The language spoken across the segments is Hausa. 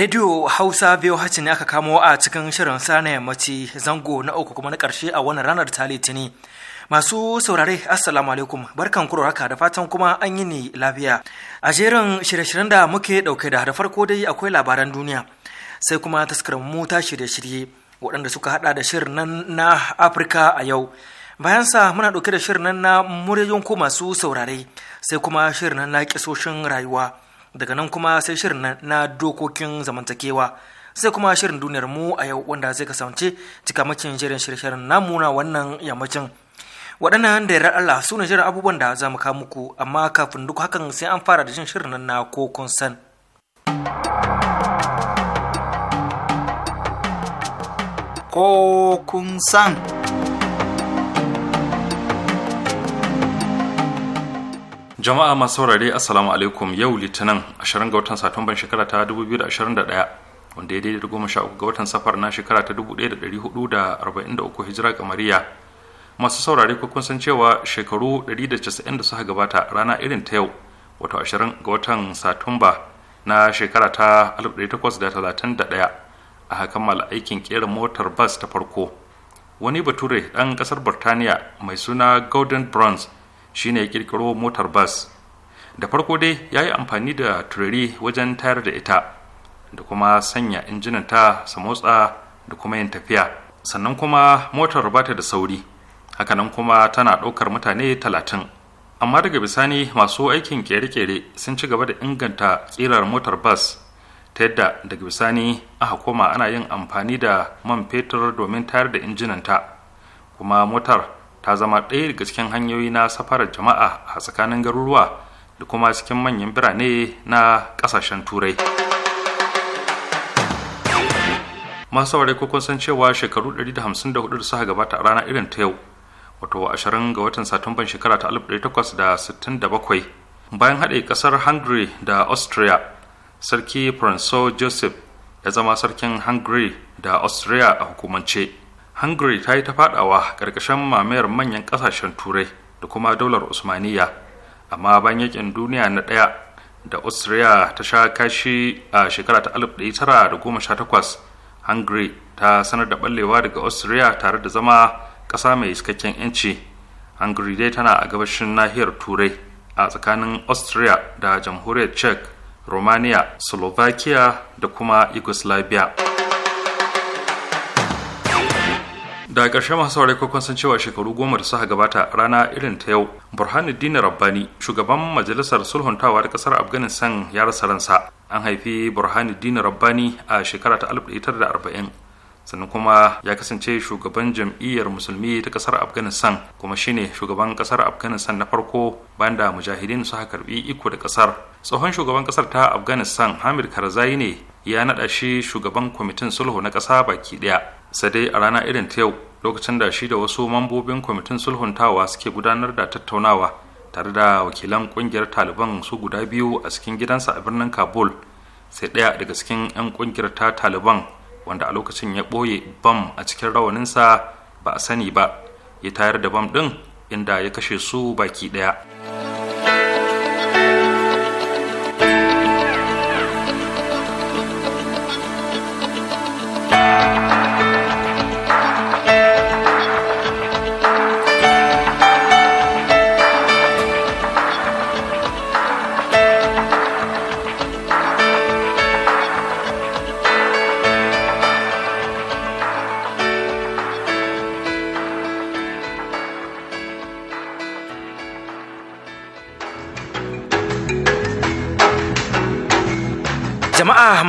Radio Hausa VOH ne aka kamo a cikin shirin sana yammaci zango na uku kuma na karshe a wannan ranar ta Litini. Masu saurare Assalamu alaikum barkan kuro haka da fatan kuma an yi ni lafiya. A jerin shirye-shiryen da muke ɗauke da da farko dai akwai labaran duniya sai kuma taskarar mu ta shirye-shirye waɗanda suka haɗa da shirin nan na Afirka a yau. Bayan sa muna ɗauke da shirin nan na muryoyin ko masu saurare sai kuma shirin nan na kisoshin rayuwa. daga nan kuma sai shirin na dokokin zamantakewa sai kuma shirin duniyar mu a yau wanda zai kasance cikamakin shirin shirin namu na wannan yammacin waɗannan da yarar Allah su ne shirin abubuwan da za mu kawo muku amma kafin duk hakan sai an fara da jin shirin na kokon san kokun san jama'a masu saurare assalamu alaikum yau litinin 20 ga watan satumban shekara ta 2021 wanda ya daidai goma sha uku ga watan safar na shekara ta 1443 hijira kamariya masu saurare ko kun san cewa shekaru 190 da suka gabata rana irin ta yau wato 20 ga watan satumba na shekara ta 1831 a kammala aikin kera motar bas ta farko wani bature ɗan ƙasar burtaniya mai suna golden bronze shine ya kirkiro motar bas da farko dai ya yi amfani da turare wajen tayar da ita da kuma sanya injinan ta su motsa da kuma yin tafiya sannan kuma motar ba ta da sauri hakanan kuma tana ɗaukar mutane talatin amma daga bisani masu aikin kere-kere sun ci gaba da inganta tsirar motar bas ta yadda daga bisani aka koma ana yin amfani da man fetur domin tayar da injinanta kuma motar ta zama ɗaya daga cikin hanyoyi na safarar jama'a a tsakanin garuruwa da kuma cikin manyan birane na ƙasashen turai masu saurari ko kun san cewa shekaru 154 da suka gabata a rana irin ta yau wato 20 ga watan satumban shekara ta 1867 bayan haɗe ƙasar hungary da austria sarki francois joseph ya zama sarkin hungary da austria a hukumance hungary ta yi ta fadawa ƙarƙashin mamayar manyan ƙasashen turai da kuma daular usmaniya amma bayan yakin duniya na ɗaya da austria ta sha kashi a shekara ta 1918 hungary ta sanar da ɓallewa daga austria tare da zama ƙasa mai iskakken 'yanci hungary dai tana a gabashin nahiyar turai a tsakanin austria da jamhuriyar czech romania slovakia da kuma yugoslavia da ƙarshe masu saurari ko san cewa shekaru goma da suka gabata rana irin ta yau burhanuddin rabbani shugaban majalisar sulhuntawa da ƙasar afghanistan ya rasa ransa an haifi burhanuddin rabbani a shekara ta 1940 sannan kuma ya kasance shugaban jam'iyyar musulmi ta kasar afghanistan kuma shine shugaban kasar afghanistan na farko bayan da mujahidin suka karbi iko da ƙasar tsohon shugaban ƙasar ta afghanistan hamid karzai ne ya naɗa shi shugaban kwamitin sulhu na ƙasa baki ɗaya sai dai a rana irin ta yau lokacin da shi da wasu mambobin kwamitin sulhuntawa suke gudanar da tattaunawa tare da wakilan kungiyar taliban su guda biyu a cikin gidansa a birnin kabul sai ɗaya daga cikin 'yan kungiyar ta taliban wanda a lokacin ya ɓoye bam a cikin rawaninsa ba a sani ba ya tayar da bam ɗin inda ya kashe su baki ɗaya.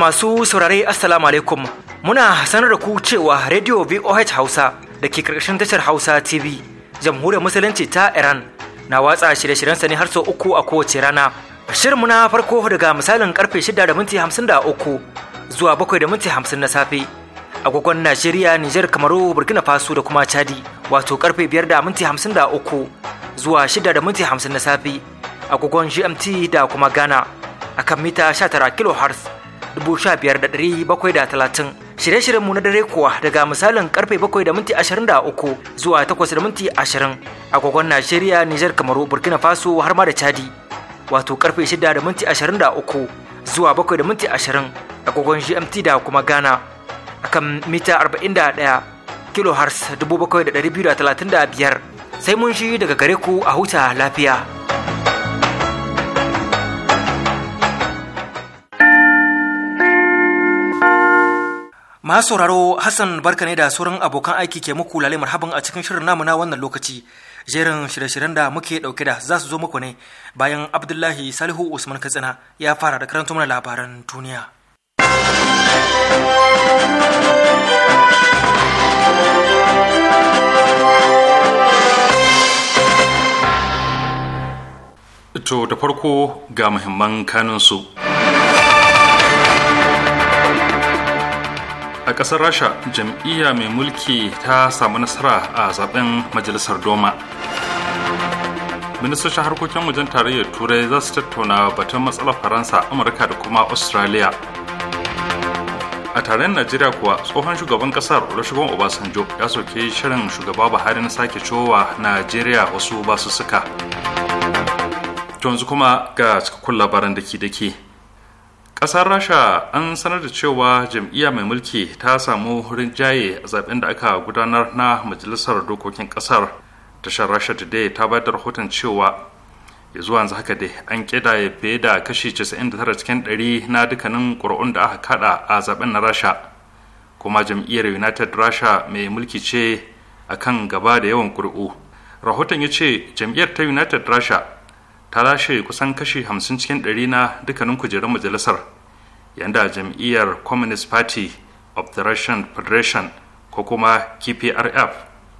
masu saurare assalamu alaikum muna sanar da ku cewa radio voh hausa da ke karkashin tashar hausa tv jamhuriyar musulunci ta iran na watsa shirye-shiryen Sani har sau uku a kowace rana shirin muna farko daga misalin karfe shida da zuwa bakwai na safe agogon najeriya niger kamaru burkina faso da kuma chadi wato karfe biyar da minti hamsin zuwa shida na safe agogon gmt da kuma ghana akan mita 19 kilohertz talatin shirye-shiryenmu na dare kuwa daga misalin karfe bakwai da minti uku zuwa takwas da minti Najeriya, Nijar, Kamaru, Burkina Faso har ma da Chadi. Wato karfe shida da minti uku zuwa bakwai da minti GMT da kuma Ghana. Akan mita 41 kilohertz biyar sai mun shi daga gare ku a huta lafiya. masu sauraro hassan barka ne da sauran abokan aiki ke muku lalai marhaban a cikin shirin namu na wannan lokaci jerin shirye-shiryen da muke dauke da za su zo muku ne bayan abdullahi salihu usman katsina ya fara da karanta mana labaran duniya To da farko ga muhimman kanunsu. su a ƙasar rasha jam'iyya mai mulki ta samu nasara a zaben majalisar doma ministocin harkokin wajen tarayyar turai za su tattauna batun matsalar faransa amurka da kuma australia a taron najeriya kuwa tsohon shugaban kasar olusegun obasanjo ya soke shirin shugaba buhari na sake cowa najeriya wasu basu suka. yanzu kuma ga cikakkun labaran daki-daki kasar rasha an sanar da cewa jam'iyya mai mulki ta samu rinjaye a zaben da aka gudanar na majalisar dokokin kasar tashar rasha today ta bayar da rahoton cewa ya zuwa yanzu haka dai an kida fiye da kashi 99 cikin 100 na dukkanin ƙuri'un da aka kada a zaben na rasha kuma jam'iyyar united rasha mai mulki ce a kan gaba da yawan ƙuri'u rahoton ya ce jam'iyyar ta united rasha ta lashe kusan kashi 50 cikin 100 na dukkanin kujerun majalisar yanda jam'iyyar communist party of the russian federation ko kuma kprf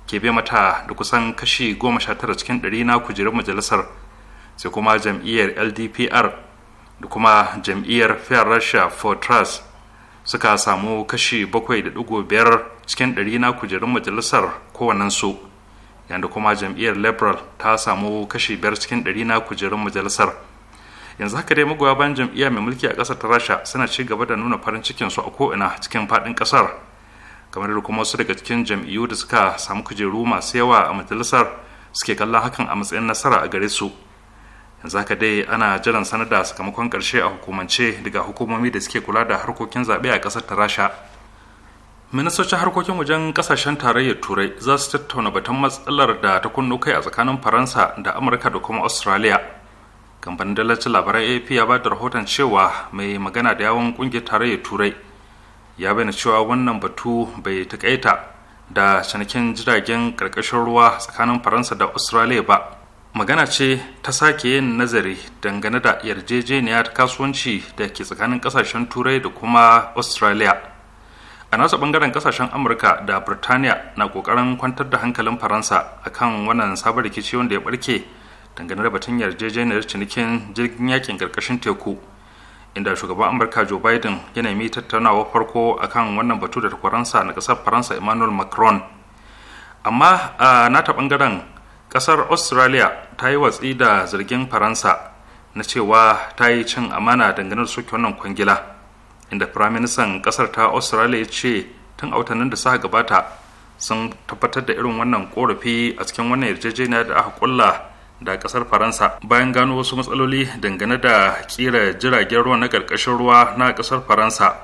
ke bi mata da kusan kashi 19 cikin 100 na kujerun majalisar sai kuma jam'iyyar ldpr da kuma jam'iyyar fair russia for trust suka samu kashi 7.5 cikin 100 na kujerun majalisar kowannensu yadda kuma jam'iyyar liberal ta samu kashi 5 cikin 100 na kujerun majalisar yanzu haka dai magoya bayan jam'iyya mai mulki a kasar ta rasha suna ci gaba da nuna farin cikin su a ko'ina cikin faɗin ƙasar kamar da kuma wasu daga cikin jam'iyyu da suka samu kujeru masu yawa a majalisar suke kallon hakan a matsayin nasara a gare su yanzu haka dai ana jiran sanar da sakamakon karshe a hukumance daga hukumomi da suke kula da harkokin zaɓe a ƙasar ta rasha ministocin harkokin wajen kasashen tarayyar turai za su tattauna batun matsalar da ta kunno kai a tsakanin faransa da amurka da kuma australia kamfanin dalacin labarai ap ya ba da rahoton cewa mai magana da yawon kungiyar tarayyar turai ya bayyana cewa wannan batu bai takaita da cinikin jiragen karkashin ruwa tsakanin faransa da australia ba magana ce ta sake yin nazari dangane da yarjejeniya ta kasuwanci da ke tsakanin kasashen turai da kuma australia a nasa bangaren kasashen amurka da birtaniya na kokarin kwantar da hankalin faransa akan wannan sabon rikici wanda ya barke dangane da batun yarjejeniyar cinikin jirgin yakin karkashin teku inda shugaban amurka joe biden ya nemi tattaunawa farko akan wannan batu da takwaransa na kasar faransa emmanuel macron amma a nata bangaren kasar australia ta yi watsi da zargin faransa na cewa ta yi cin amana dangane da soke wannan kwangila inda firaministan kasar ta australia ya ce tun a watannin da suka gabata sun tabbatar da irin wannan korafi a cikin wannan yarjejeniyar da aka kulla da kasar faransa bayan gano wasu matsaloli dangane da kira jiragen ruwa na ƙarƙashin ruwa na kasar faransa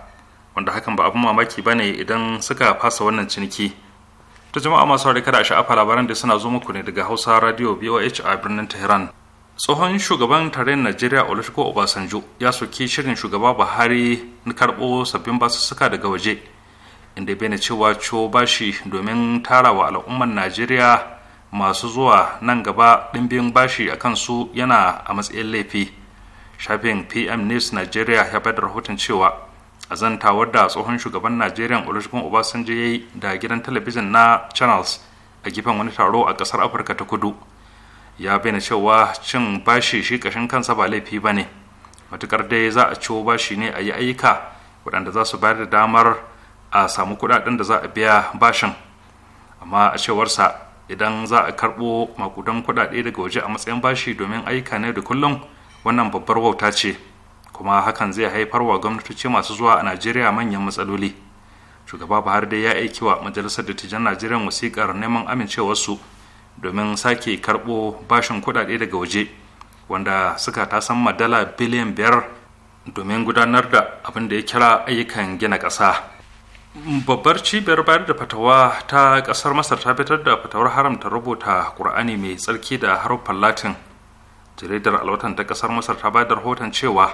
wanda hakan ba abin mamaki ba ne idan suka fasa wannan ciniki ta jama'a masu harika kada sha'afa labaran da suna zo muku ne daga hausa radio boh a birnin tehran tsohon shugaban tarayyar najeriya olusegun obasanjo ya soki shirin shugaba buhari na karɓo sabbin basussuka daga waje inda na cewa co bashi domin tarawa al'ummar najeriya masu zuwa nan gaba ɗimbin bashi a kansu yana a matsayin laifi shafin pm news nigeria ya bada rahoton cewa a zantawar da tsohon shugaban najeriya olusegun obasanjo ya yi da gidan talabijin na channels a gefen wani taro a ƙasar afirka ta kudu ya bayyana cewa cin bashi shi ƙashin kansa ba laifi ba ne matuƙar dai za a ciwo bashi ne a yi ayyuka waɗanda za su bayar da damar a samu kuɗaɗen da za a biya bashin amma a cewarsa idan za a karɓo makudan kudade daga waje a matsayin bashi domin ayyuka na da kullum wannan babbar wauta ce kuma hakan zai haifar wa gwamnatoci masu zuwa a najeriya manyan matsaloli shugaba buhari dai ya aiki wa majalisar dattijan najeriya wasikar neman amincewarsu domin sake karɓo bashin kudade daga waje wanda suka tasan dala biliyan biyar domin gudanar da abin da ya kira ayyukan gina ƙasa babbar cibiyar bayar da fatawa ta kasar masar ta fitar da fatawar haramta rubuta ƙur'ani mai tsarki da haruffan latin jaridar alwatan ta kasar masar ta bayar da rahoton cewa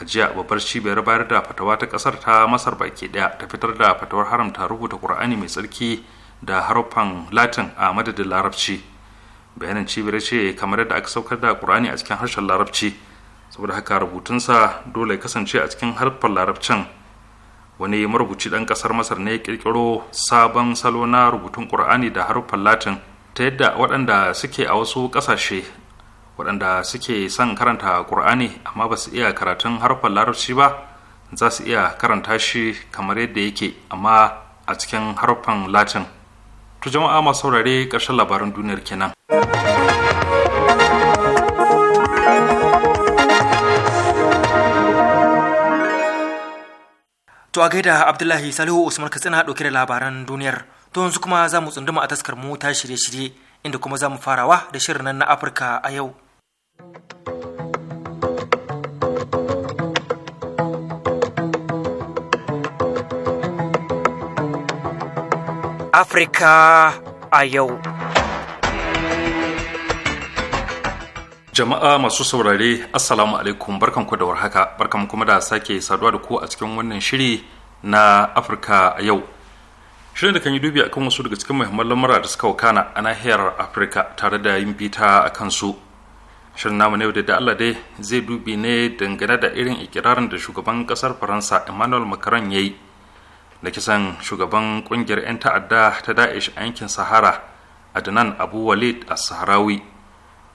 a jiya babbar cibiyar bayar da fatawa ta kasar ta masar baki daya ta fitar da fatawar haramta rubuta ƙur'ani mai tsarki da haruffan latin a madadin larabci bayanin cibiyar ce kamar yadda aka saukar da ƙur'ani a cikin harshen larabci saboda haka rubutunsa dole kasance a cikin haruffan larabcin wani marubuci ɗan ƙasar masar ne ya ƙirƙiro sabon salo na rubutun ƙur'ani da haruffan latin ta yadda waɗanda suke a wasu ƙasashe waɗanda suke son karanta ƙur'ani amma ba su iya karatun haruffan larabci ba za su iya karanta shi kamar yadda yake amma a cikin haruffan latin to jama'a masu saurare ƙarshen labarin duniyar kenan. To a gaida Abdullahi Salihu Usman Katsina ɗauke da labaran duniyar. To yanzu kuma za mu tsunduma a taskar mu ta shirye-shirye inda kuma za mu farawa da shirin nan na Afirka a yau. Afirka a yau. Jama'a masu saurare Assalamu alaikum barkanku da warhaka barkan kuma da sake saduwa da ku a cikin wannan shiri na Afirka a yau. Shirin da kan yi dubi akan wasu daga cikin muhimman lamura da suka wakana a nahiyar Afirka tare da yin bita a kansu. Shirin namu ne da Allah dai zai dubi ne dangane da irin ikirarin da shugaban kasar Faransa Emmanuel Macron ya yi da kisan shugaban kungiyar 'yan ta'adda ta da'ish a yankin Sahara Adnan Abu Walid a Sahrawi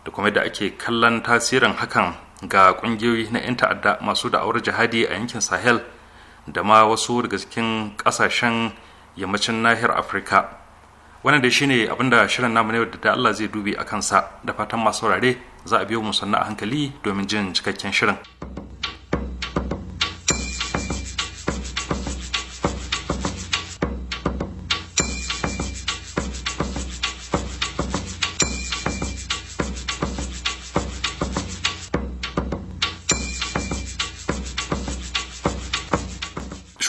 da kuma da ake kallon tasirin hakan ga ƙungiyoyi na 'yan ta'adda masu da'awar jihadi a yankin sahel da ma wasu daga cikin kasashen yammacin nahiyar afirka wannan da shine abinda shirin namu ne da allah zai dubi a kansa da fatan masu saurare za a biyo mu sannan a hankali domin jin cikakken shirin.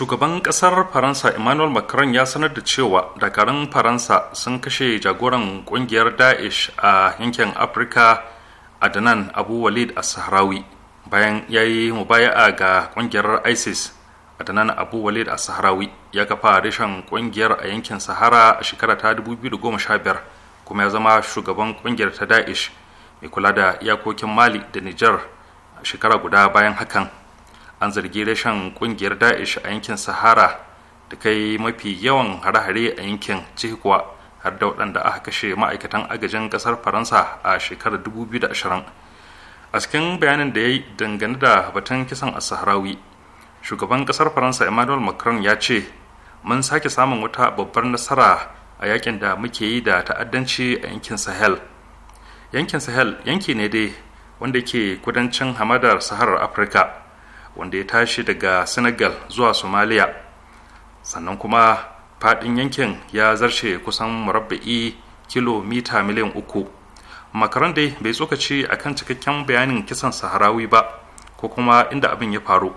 shugaban kasar faransa emmanuel macron ya sanar da cewa dakarun faransa sun kashe jagoran kungiyar daesh a yankin afirka adnan abu walid a sahrawi bayan ya yi mubaya'a ga kungiyar isis adnan abu walid a sahrawi ya kafa reshen kungiyar a yankin sahara a shekara ta 2015 kuma ya zama shugaban kungiyar ta daesh mai kula da iyakokin mali da niger a shekara guda bayan hakan an zargi rashin kungiyar da'ish a yankin sahara da kai mafi yawan hare-hare a yankin ciki har da waɗanda aka kashe ma'aikatan agajin ƙasar faransa a shekarar 2020 a cikin bayanin da ya yi dangane da batun kisan a sahrawi shugaban ƙasar faransa emmanuel macron ya ce mun sake samun wata babbar nasara a yakin da muke yi da ta'addanci a yankin sahel yankin sahel yanki ne dai wanda ke kudancin hamadar saharar afirka wanda ya tashi daga senegal zuwa somalia sannan kuma fadin yankin ya zarce kusan murabba'i kilomita miliyan uku makaran dai bai tsokaci akan cikakken bayanin kisan saharawi ba ko kuma inda abin ya faru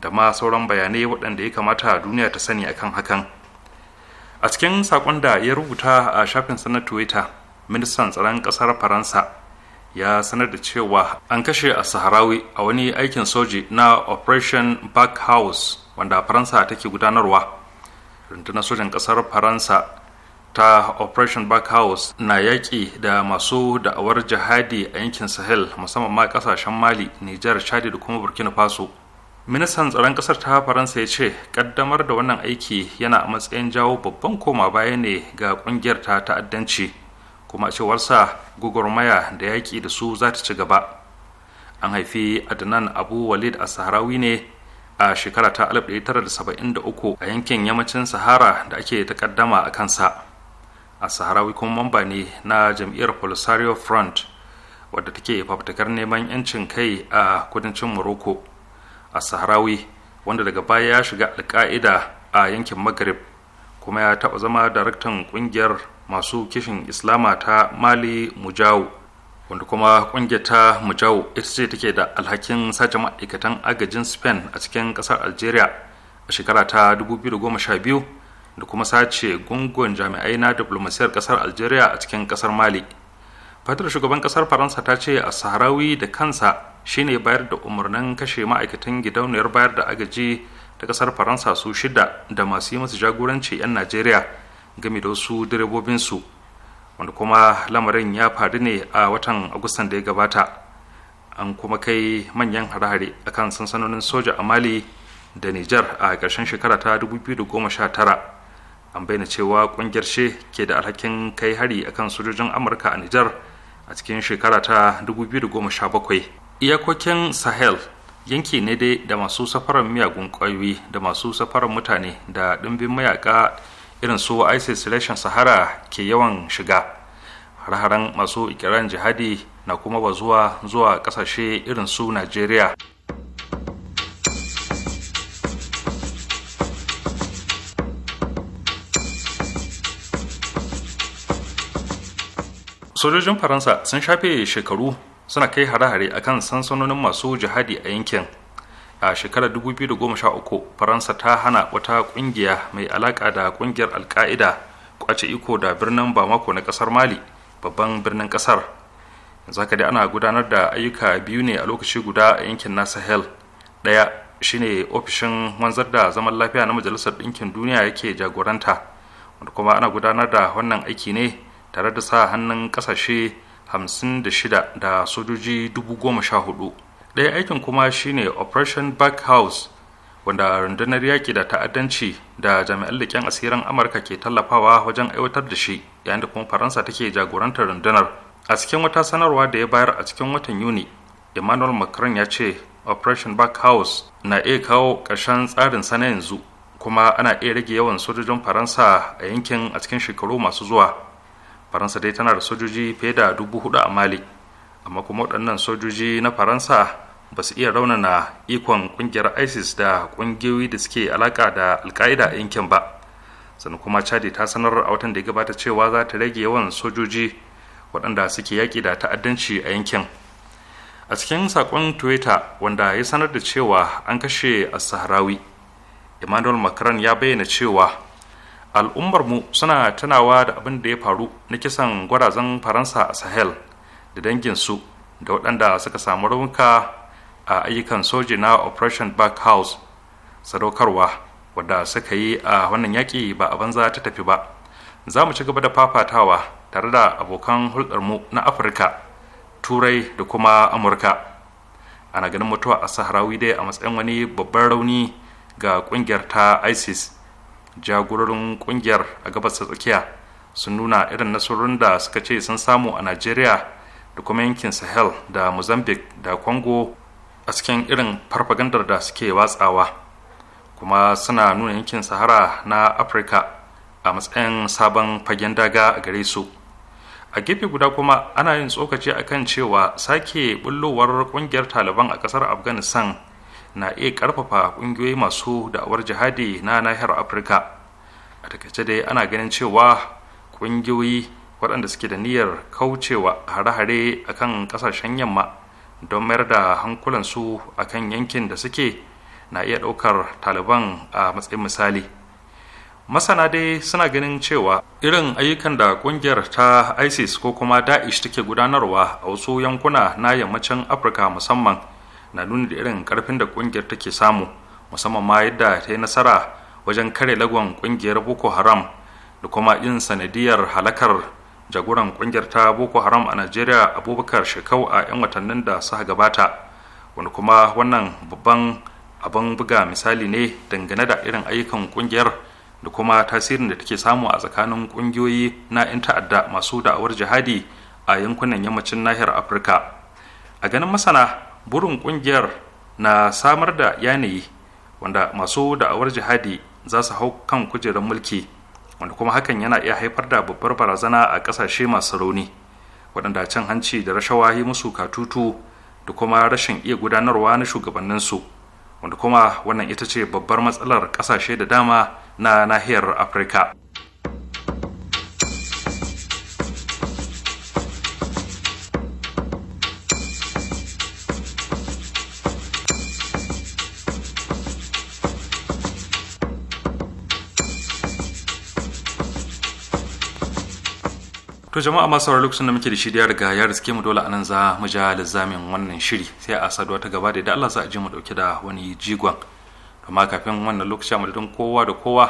da ma sauran bayanai waɗanda ya kamata duniya ta sani akan hakan a cikin saƙon da ya rubuta a shafin na twitter ministan tsaron ƙasar faransa ya sanar da cewa an kashe a saharawi a wani aikin soji na operation back house wanda faransa take gudanarwa rundunar sojan kasar faransa ta operation back house na yaƙi da masu da'awar jihadi a yankin sahel musamman ma kasashen mali nijar chadi da kuma burkina faso ministan tsaron kasar ta faransa ya ce kaddamar da wannan aiki yana a matsayin jawo babban koma baya ne ga kungiyar ta ta'addanci kuma a cewarsa gugurmaya da yaƙi da su za ta ci gaba an haifi adnan abu walid a saharawi ne a shekara ta 1973 a yankin yammacin sahara da ake takaddama a kansa a saharawi kuma mamba ne na jam'iyyar polisario front wadda take fafutukar neman 'yancin kai a kudancin morocco a saharawi wanda daga baya ya shiga alka'ida a yankin maghrib kuma ya taɓa zama daraktan ƙungiyar masu kishin islama ta mali mujawu wanda kuma ƙungiyar ta mujawu ita ce take da alhakin sace ma'aikatan agajin spain a cikin ƙasar algeria a shekara ta 2012 da kuma sace gungun jami'ai na diplomasiyar ƙasar algeria a cikin ƙasar mali fatar shugaban ƙasar faransa ta ce a sahrawi da kansa shine bayar da umarnin kashe ma'aikatan gidauniyar bayar da agaji ta kasar faransa su shida da masu yi masu jagoranci 'yan najeriya game da wasu direbobinsu wanda kuma lamarin ya faru ne a watan agustan da ya gabata an kuma kai manyan hare-hare akan sansanonin soja a mali da nijar a ƙarshen shekara ta 2019 an bayyana cewa ƙungiyar she ke da alhakin kai hari akan sojojin amurka a nijar a cikin shekara ta 2017 iyakokin sahel yanki ne dai da masu safarar miyagun ƙwayoyi da masu safarar mutane da ɗimbin mayaka irin su isis reshen sahara ke yawan shiga har-haren masu ikirarin jihadi na kuma bazuwa zuwa ƙasashe irin su najeriya sojojin faransa sun shafe shekaru suna kai hare-hare akan sansanonin masu jihadi a yankin a shekarar 2013 faransa ta hana wata kungiya mai alaka da kungiyar alka'ida kwace iko da birnin bamako na kasar mali babban birnin kasar yanzu haka dai ana gudanar da ayyuka biyu ne a lokaci guda a yankin na sahel daya shine ofishin wanzar da zaman lafiya na majalisar ɗinkin duniya yake jagoranta wanda kuma ana gudanar da wannan aiki ne tare da sa hannun ƙasashe 56 da sojoji 14,000 ɗaya aikin kuma shine operation back house wanda rundunar yaƙi da ta'addanci da jami'an leƙen asirin amurka ke tallafawa wajen aiwatar da shi yayin da kuma faransa take jagorantar rundunar a cikin wata sanarwa da ya bayar a cikin watan yuni emmanuel macron ya ce operation back house na iya kawo ƙarshen tsarin sana yanzu kuma ana iya rage yawan sojojin faransa a yankin a cikin shekaru masu zuwa faransa dai tana da sojoji fiye da dubu hudu a mali amma kuma waɗannan sojoji na faransa ba su iya raunana ikon ƙungiyar isis da ƙungiyoyi da suke alaƙa da alka'ida a yankin ba sannan kuma chadi ta sanar a watan da ya gabata cewa za ta rage yawan sojoji waɗanda suke yaƙi da ta'addanci a yankin a cikin saƙon twitter wanda ya sanar da cewa an kashe a sahrawi emmanuel macron ya bayyana cewa al'ummar mu suna tunawa da abin da ya faru na kisan gwarazan faransa a sahel da danginsu da waɗanda suka samu raunuka a ayyukan soji na operation back house sadaukarwa wadda suka yi a wannan yaƙi ba a banza ta tafi ba za mu ci gaba da fafatawa tare da abokan hulɗarmu na afirka turai da kuma amurka ana ganin mutuwa a sahrawi dai a matsayin wani babban rauni ga ƙungiyar ta isis jagororin kungiyar a gabas ta tsakiya sun nuna irin nasarorin da suka ce sun samu a najeriya da kuma yankin sahel da mozambique da congo a cikin irin farfagandar da suke watsawa kuma suna nuna yankin sahara na afirka a matsayin sabon fagen daga a gare su a gefe guda kuma ana yin tsokaci akan cewa sake bullowar kungiyar taliban a kasar afghanistan na iya karfafa kungiyoyi masu da'awar jihadi na nahiyar afirka a takaice dai ana ganin cewa kungiyoyi waɗanda suke da niyyar kaucewa hare-hare a kan ƙasashen yamma don mayar da hankulansu a kan yankin da suke na iya ɗaukar taliban a matsayin misali masana dai suna ganin cewa irin ayyukan da ƙungiyar ta isis ko kuma da'ish take gudanarwa a wasu yankuna na yammacin afirka musamman na nuna da irin karfin da kungiyar take samu musamman ma yadda ta yi nasara wajen kare lagon kungiyar boko haram da kuma yin sanadiyar halakar jagoran kungiyar ta boko haram a najeriya abubakar shekau a 'yan watannin da suka gabata wanda kuma wannan babban abin buga misali ne dangane da irin ayyukan kungiyar da kuma tasirin da take samu a tsakanin kungiyoyi na 'yan ta'adda masu da'awar jihadi a yankunan yammacin nahiyar afirka a ganin masana burin kungiyar na samar da yanayi wanda masu da'awar jihadi za su hau kan kujerar mulki wanda kuma hakan yana iya haifar da babbar barazana a ƙasashe masu rauni waɗanda cin hanci da rashawa yi musu katutu da kuma rashin iya gudanarwa na shugabanninsu wanda kuma wannan ita ce babbar matsalar ƙasashe da dama na nahiyar afirka to jama'a masu sauraro lokacin da muke da shirya riga ya riske mu dole anan za mu ja lizamin wannan shiri sai a saduwa ta gaba da Allah za a ji mu dauke da wani jigon amma kafin wannan lokaci mu madadin kowa da kowa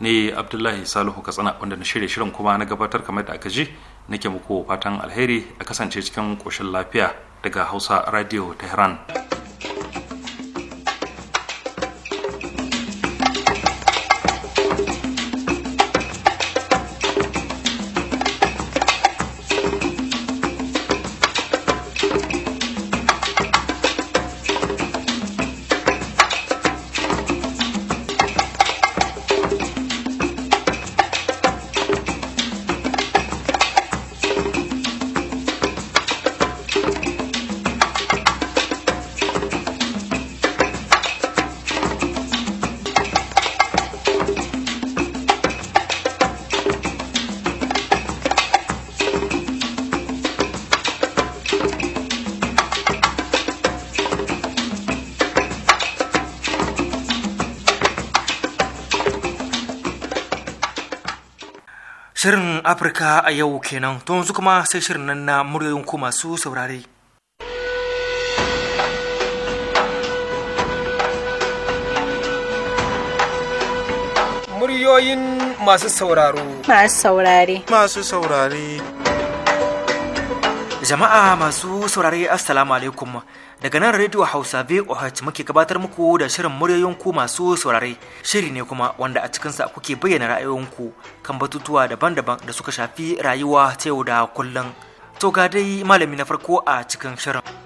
ne Abdullahi Salihu Katsina wanda na shirya shirin kuma na gabatar kamar da aka ji nake muku fatan alheri a kasance cikin koshin lafiya daga Hausa Radio Tehran. Shirin Afirka a yau kenan, to yanzu kuma sai shirin nan na muryoyin ku masu saurare. Muryoyin masu sauraro. Masu saurare. Masu saurare. Jama'a masu saurare Assalamu alaikum. daga nan rediyo hausa voh muke gabatar muku da shirin muryoyin ku masu saurare shiri ne kuma wanda a cikinsa kuke bayyana ra'ayoyinku kan batutuwa daban-daban da suka shafi rayuwa ta yau da kullum to ga dai malami na farko a cikin shirin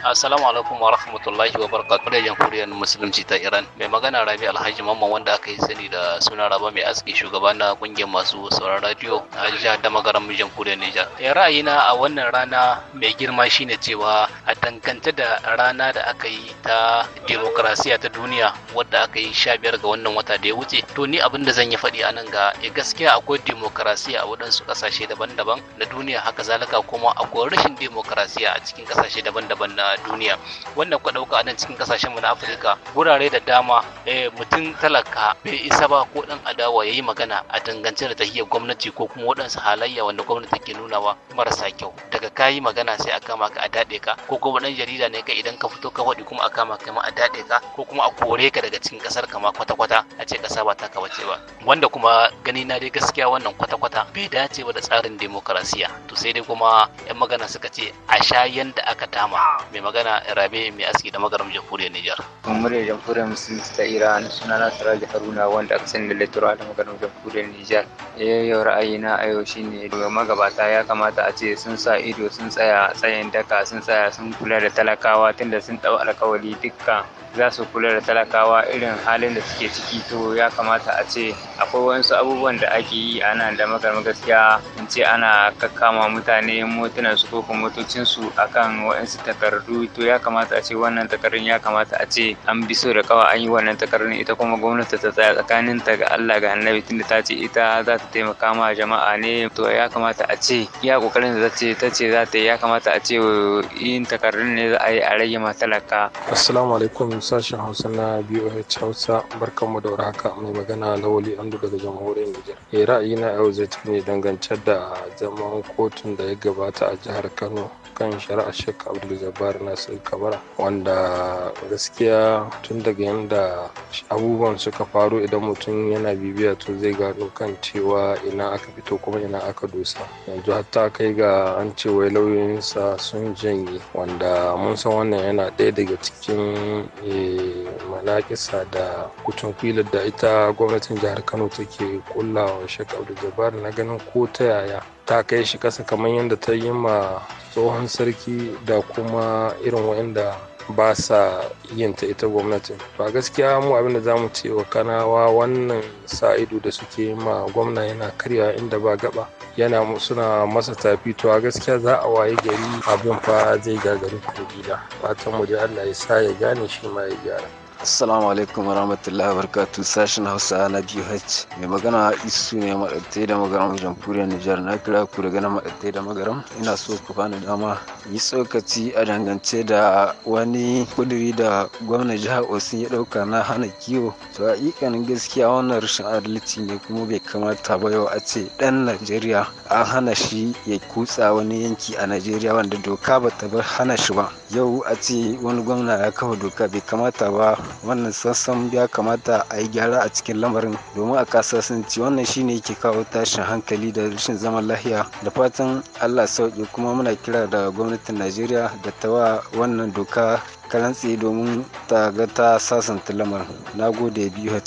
Assalamu alaikum wa rahmatullahi wa barakatuh. Muryar Kuriyan Musulunci ta Iran. Mai magana Rabi Alhaji Mamman wanda aka yi sani da suna Raba Mai Aski shugaba na kungiyar masu sauran radio a jihar Damagaram Jamhuriyar Nijar. Ya e, ra'ayina a wannan rana mai girma shine cewa a dangance da rana da aka yi ta demokrasiya ta duniya wadda aka yi sha biyar ga wannan wata da ya wuce. To ni abin da zan yi faɗi a nan ga e, gaskiya akwai demokrasiya a wadansu ƙasashe daban-daban na duniya haka zalika kuma akwai rashin demokrasiya a cikin ƙasashe daban-daban na a duniya wannan ku ɗauka nan cikin kasashen mu na afirka wurare da dama eh, mutum talaka bai isa ba ko dan adawa ya yi magana a dangance da tahiyar gwamnati ko kuma waɗansu halayya wanda gwamnati ke nunawa marasa kyau daga ka magana sai a kama ka a daɗe ka ko kuma ɗan jarida ne ka idan ka fito ka faɗi kuma a kama ka ma a daɗe ka ko kuma a kore ka daga cikin ƙasar ka ma kwata-kwata a ce ƙasa ba taka bace ba wanda kuma gani na dai gaskiya wannan kwata-kwata bai dace ba da tsarin demokarasiya to sai dai kuma 'yan magana suka ce a sha yanda aka dama mai magana rabe mai aski da magaram jamhuriyar nijar jamhuriyar jamhuriyar musulunci ta iran suna na haruna wanda aka sani da littoral da magaram jamhuriyar nijar eh, yau ra'ayina a yau shine daga magabata ya kamata a ce sun sa ido sun tsaya tsayin daka sun tsaya sun kula da talakawa tunda sun ɗau alkawali dukka, za su kula da talakawa irin halin da suke ciki to ya kamata a ce akwai wasu abubuwan da ake yi ana nan da magar gaskiya in ce ana kakkama mutane motunan su ko motocinsu akan waɗansu takardu takardu to ya kamata a ce wannan takardun ya kamata a ce an bi so da kawa an yi wannan takardun ita kuma gwamnati ta tsaya tsakanin ta ga Allah ga annabi tunda ta ce ita za ta taimaka ma jama'a ne to ya kamata a ce ya kokarin da ce ta ce za ta yi ya kamata a ce yin takardun ne za a yi a rage ma talaka assalamu alaikum sashen hausa na BOH Hausa barkanmu da warhaka mai magana Lawali Andu daga jamhuriyar Nijar eh ra'ayina yau zai tafi dangance da zaman kotun da ya gabata a jihar Kano kan shari'ar shek abdul jabbar nasir kabara wanda gaskiya tun daga yanda abubuwan suka faru idan mutum yana bibiya to zai gano kan cewa ina aka fito kuma ina aka dosa yanzu hatta kai ga an ce wai lauyoyinsa sun janye wanda mun san wannan yana ɗaya daga cikin eh, manakisa da kutun filar da ita gwamnatin jihar kano take kullawa shek abdul jabbar na ganin ko ta yaya ta kai shi ƙasa kamar yadda ta yi ma tsohon sarki da kuma irin waɗanda ba sa yin ta ita gwamnatin ba gaskiya mu abin da zamu ce wa kanawa wannan sa'idu da suke ma gwamna yana karya inda ba gaba yana suna masa tafi to a gaskiya za a waye gari abin fa zai gagari ko gida fatan mu dai Allah ya sa ya gane shi ma ya gyara Assalamu alaikum wa rahmatullahi wa barakatuh sashen Hausa na DH mai magana isu ne maɗaɗe da magaram jamhuriyar Nijar na kira ku daga nan maɗaɗe da magaram ina so ku bani dama yi tsokaci a dangance da wani kuduri da gwamnan jihar Osun ya ɗauka na hana kiwo to a ikanin gaskiya wannan rashin adalci ne kuma bai kamata ba yau a ce ɗan Najeriya an hana shi ya kutsa wani yanki a Najeriya wanda doka bata bar hana shi ba yau a ce wani gwamna ya kafa doka bai kamata ba wannan sassan ya kamata a yi gyara a cikin lamarin domin a kasasanci wannan shine ke kawo tashin hankali da rashin zaman lahiya da fatan allah sauki kuma muna kira da gwamnatin najeriya da ta wa wannan doka karantsi domin ta ga ta sasanta lamarin na gode biyu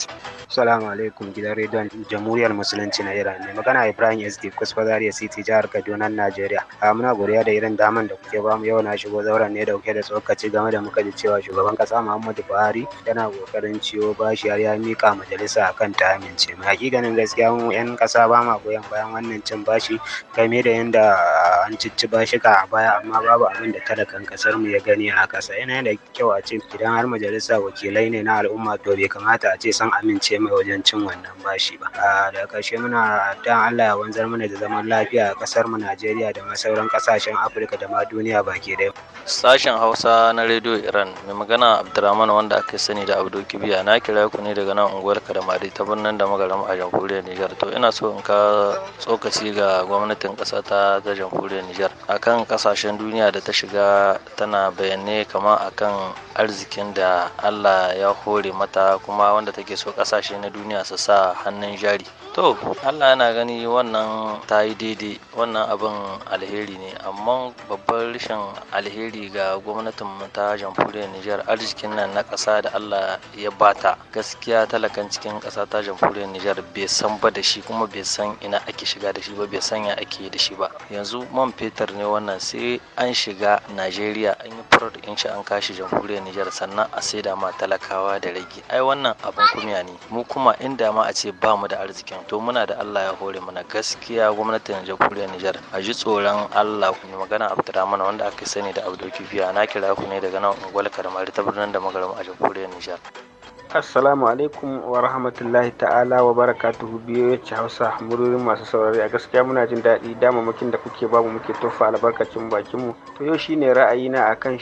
Salamu alaikum gidan rediyon Jamhuriyar Musulunci na Iran ne magana Ibrahim SD Kusfa Zaria City jihar Kaduna Najeriya. A muna godiya da irin daman da kuke bamu yau na shigo zauren ne da kuke da tsokaci game da muka ji cewa shugaban kasa Muhammadu Buhari yana kokarin ciwo bashi har ya mika majalisa akan ta amince. Mu hakikanin gaskiya mu yan kasa ba ma goyon bayan wannan cin bashi game da yadda an cicci bashi ka a baya amma babu abin da talakan kasar mu ya gani a kasa. Yana da kyau a ce idan har majalisa wakilai ne na al'umma to bai kamata a ce sun amince mai wajen cin wannan bashi ba a da ƙarshe muna addu'an Allah ya wanzar mana da zaman lafiya a ƙasar mu Najeriya da ma sauran ƙasashen Afirka da ma duniya baki ɗaya sashen Hausa na Radio Iran mai magana Abdurrahman wanda aka sani da Abdul Kibiya na kira ku ne daga nan unguwar Kadamari ta birnin da magaram a jamhuriyar Nijar to ina so in ka tsokaci ga gwamnatin ƙasa ta ta jamhuriyar Nijar akan ƙasashen duniya da ta shiga tana bayanai kama akan arzikin da Allah ya kore mata kuma wanda take so kasashe na duniya su sa hannun jari to allah yana gani wannan ta yi daidai wannan abin alheri ne amma babban rashin alheri ga gwamnatin ta jamhuriyar nijar arzikin nan na ƙasa da allah ya bata gaskiya talakan cikin ƙasa ta jamhuriyar nijar bai san ba da shi kuma bai san ina ake shiga da shi ba bai san ya ake da shi ba yanzu man fetur ne wannan sai an shiga najeriya an yi furod in shi an kashi jamhuriyar nijar sannan a saida ma talakawa da rage ai wannan abin kunya ne mu kuma inda ma a ce ba mu da arzikin to muna da Allah ya hore mana gaskiya gwamnatin jamhuriyar Nijar a ji tsoron Allah ku ne magana Abdurrahman wanda aka sani da Abdul Kibiya na kira ku ne daga nan unguwar Karmari ta birnin da a jamhuriyar Nijar Assalamu alaikum wa rahmatullahi ta'ala wa barakatuhu biyo ya hausa mururin masu saurari a gaskiya muna jin daɗi damamakin da kuke babu muke tofa albarkacin bakin mu to yau shine ra'ayina akan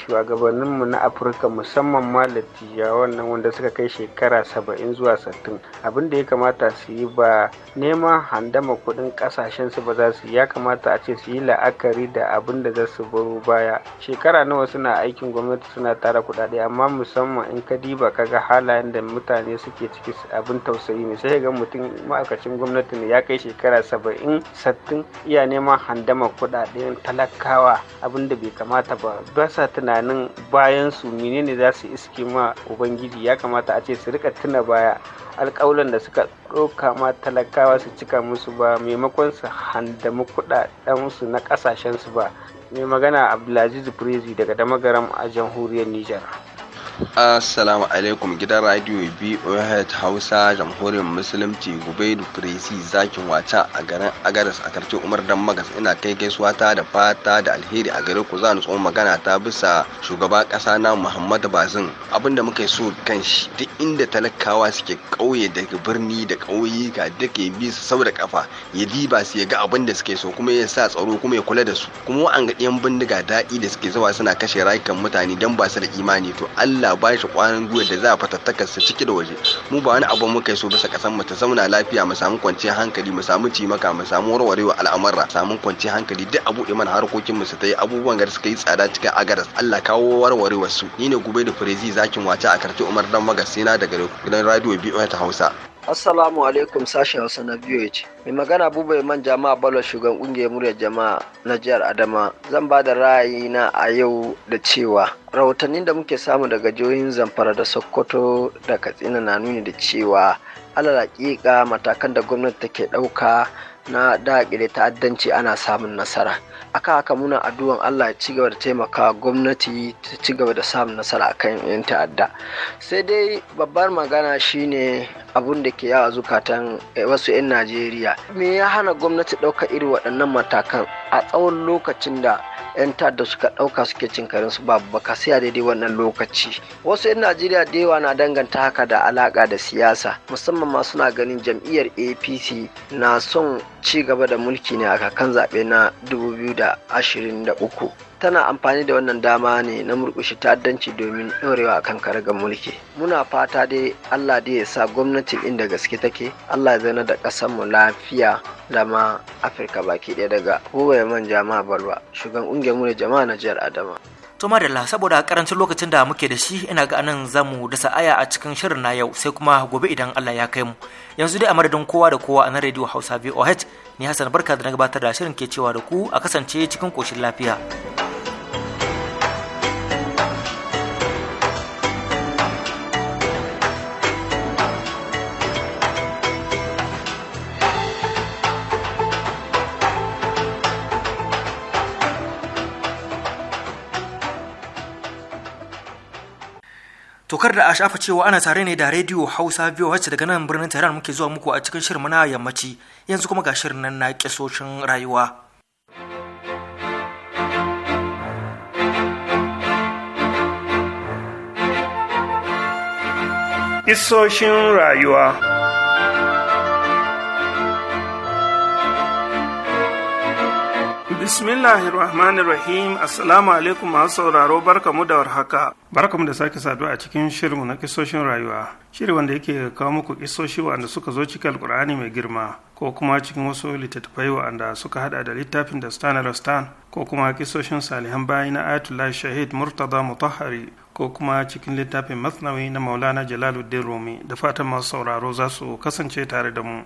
mu na afirka musamman ma lattijawan wannan wanda suka kai shekara saba'in zuwa sittin abin da ya kamata su yi ba neman handama kuɗin ƙasashen su ba za su ya kamata a ce su yi la'akari da abin da za su baro baya shekara nawa suna aikin gwamnati suna tara kuɗaɗe amma musamman in ka diba kaga halayen da mutane suke ciki abin tausayi ne sai ga mutum ma'aikacin gwamnati ne ya kai shekara saba'in sattin iya neman handama kuɗaɗen talakawa abin da bai kamata ba ba sa tunanin bayan su menene za su iske ma ubangiji ya kamata a ce su rika tuna baya alƙawulan da suka ɗauka ma talakawa su cika musu ba maimakon su handama kuɗaɗen su na ƙasashen su ba mai magana abdulaziz prezi daga damagaram a jamhuriyar nijar Assalamu alaikum gidan radio BOH Hausa jamhuriyar Musulunci Gubaidu da zakin wata a garin Agadas a karshe Umar Dan Magas ina kai gaisuwa ta da fata da alheri a gare ku za ni tsohon magana ta bisa shugaba kasa na Muhammadu Bazin abinda muka so kan shi duk inda talakawa suke kauye daga birni da ƙauyuka duk ya bi su sau da kafa ya diba su ya ga abin da suke so kuma ya sa tsaro kuma ya kula da su kuma an ga bindiga daɗi da suke zawa suna kashe rayukan mutane dan ba su da imani to Allah yana ba shi kwanan gwiwa da za a fatattakar su ciki da waje mu ba wani abu muka so bisa kasan mu ta zauna lafiya mu samu kwanciyar hankali mu samu cimaka mu samu warwarewa al'amarra samu kwanciyar hankali duk a buɗe mana harkokin mu su ta yi abubuwan gar suka yi tsada cikin agaras Allah kawo warwarewa su ni ne gube da firezi zakin wace a karti Umar dan magasina daga gidan radio biyu ta Hausa Assalamu alaikum sashen Hausa na VOH. Mai magana Buba man jama'a bala shugaban ƙungiyar muryar jama'a na jihar Adama. Zan ba da ra'ayina a yau da cewa rahotannin da muke samu daga jihohin Zamfara da Sokoto da Katsina na nuni da cewa alal matakan da gwamnati take ɗauka na daƙile ta'addanci ana samun nasara akan haka muna addu'an Allah ya ci gaba da taimaka gwamnati ta ci gaba da samun nasara akan yan ta'adda sai dai babbar magana shine abun da ke yawa zukatan eh, wasu 'yan Najeriya me ya hana gwamnati ɗaukar irin waɗannan matakan a tsawon lokacin da 'yan da suka ɗauka suke cin su babu baka sai a daidai wannan lokaci wasu 'yan najeriya da yawa na danganta haka da alaƙa da siyasa musamman ma suna ganin jam'iyyar apc na son ci gaba da mulki ne a kakan zaɓe na 2023 tana amfani da wannan dama ne na murkushe ta'addanci domin ɗorewa akan karagar mulki muna fata dai allah da ya sa gwamnatin inda gaske take allah ya zana da mu lafiya ma afirka baki ɗaya daga kowaye man jama'a balwa shugaban ƙungiyar mu jama'a na jihar adama to madalla saboda karancin lokacin da muke da shi ina ga anan za mu dasa aya a cikin shirin na yau sai kuma gobe idan Allah ya kai mu yanzu dai a madadin kowa da kowa a nan radio Hausa VOH ni Hassan barka da na gabatar da shirin ke cewa da ku a kasance cikin koshin lafiya tokar da a shafa cewa ana tare ne da rediyo hausa biyu wacce daga nan birnin tehran muke zuwa muku a cikin shirin na yammaci yanzu kuma ga shirin nan na kisoshin rayuwa Isoshin rayuwa Bismillahirrahmanirrahim Assalamu alaikum masu sauraro barkamu da warhaka. Barkamu da sake saduwa a cikin shirinmu na kisoshin rayuwa. Shiri wanda yake kawo muku kisoshi wanda suka zo cikin Alkur'ani mai girma ko kuma cikin wasu littattafai wanda suka hada da littafin da Stan Rastan ko kuma kisoshin Salihan Bayi na Ayatollah Shahid Murtaza Mutahhari ko kuma cikin littafin Masnawi na Maulana Jalaluddin Rumi da fatan masu sauraro za su kasance tare da mu.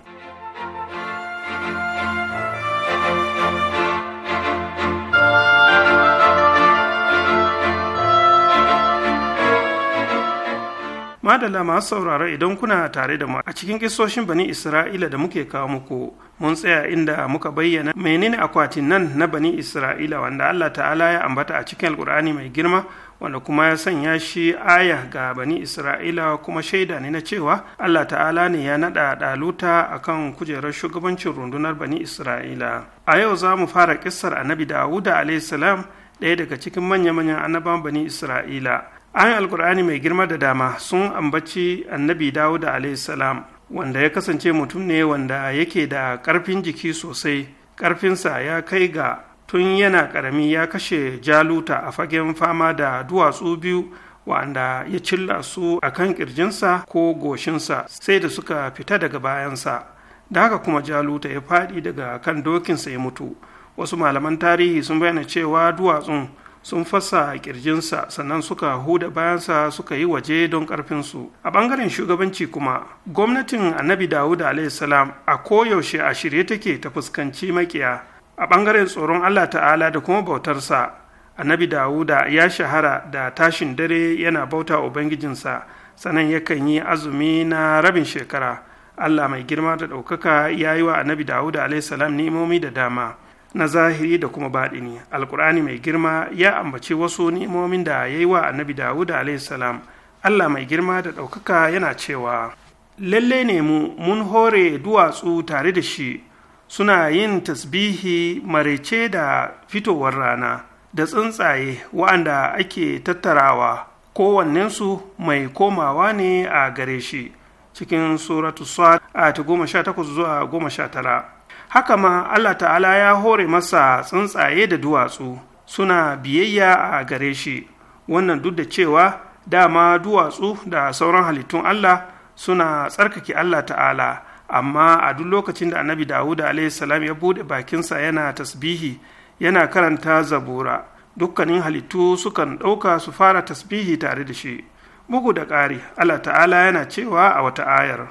madalla masu sauraro idan kuna tare da mu a cikin kisoshin bani isra'ila da muke kawo muku mun tsaya inda muka bayyana menene akwatin nan na bani isra'ila wanda allah ta'ala ya ambata a cikin alkur'ani mai girma wanda kuma ya sanya shi aya ga bani isra'ila kuma shaida ne na cewa allah ta'ala ne ya naɗa ɗaluta a kan kujerar shugabancin rundunar bani isra'ila a yau za mu fara kissar annabi dawuda salam ɗaya daga cikin manya-manyan annaban bani isra'ila ayan alkur'ani mai girma da dama sun ambaci annabi dawud salam wanda ya kasance mutum ne wanda yake da ƙarfin jiki sosai ƙarfinsa ya kai ga tun yana ƙarami ya kashe jaluta a fagen fama da duwatsu biyu wa'anda ya cilla su a kan ƙirjinsa ko goshinsa sai da suka fita daga bayansa da haka kuma jaluta ya faɗi daga kan dokinsa ya mutu wasu malaman tarihi sun bayyana cewa duwatsun sun fasa kirjinsa sannan suka huda bayansa suka yi waje don karfinsu a bangaren shugabanci kuma gwamnatin annabi dawud salam a koyaushe a shirye take ta fuskanci makiya a bangaren tsoron allah ta'ala da kuma bautarsa annabi dawuda ya shahara da tashin dare yana bauta ubangijinsa sannan yakan yi azumi na rabin shekara allah mai girma da ɗaukaka ya yi wa annabi dawuda salam ni'imomi da dama na zahiri da kuma baɗini alkur'ani mai girma ya ambaci wasu ni'imomin da ya yi wa annabi dawud salam allah mai girma da ɗaukaka yana cewa lalle ne mu mun hore duwatsu tare da shi suna yin tasbihi marece da fitowar rana da tsuntsaye wa'anda ake tattarawa kowannensu mai komawa ne a gare shi cikin suratu sa'ad a ta goma sha takwas zuwa goma tara haka ma allah ta'ala ya hore masa tsuntsaye da duwatsu suna biyayya a gare shi wannan duk da cewa dama duwatsu da sauran halittun allah suna tsarkake allah ta'ala amma a duk lokacin da annabi dawuda salam ya buɗe bakinsa yana tasbihi yana karanta zabura dukkanin halittu sukan ɗauka su fara tasbihi tare da shi bugu da ƙari allah ta'ala yana cewa a wata ayar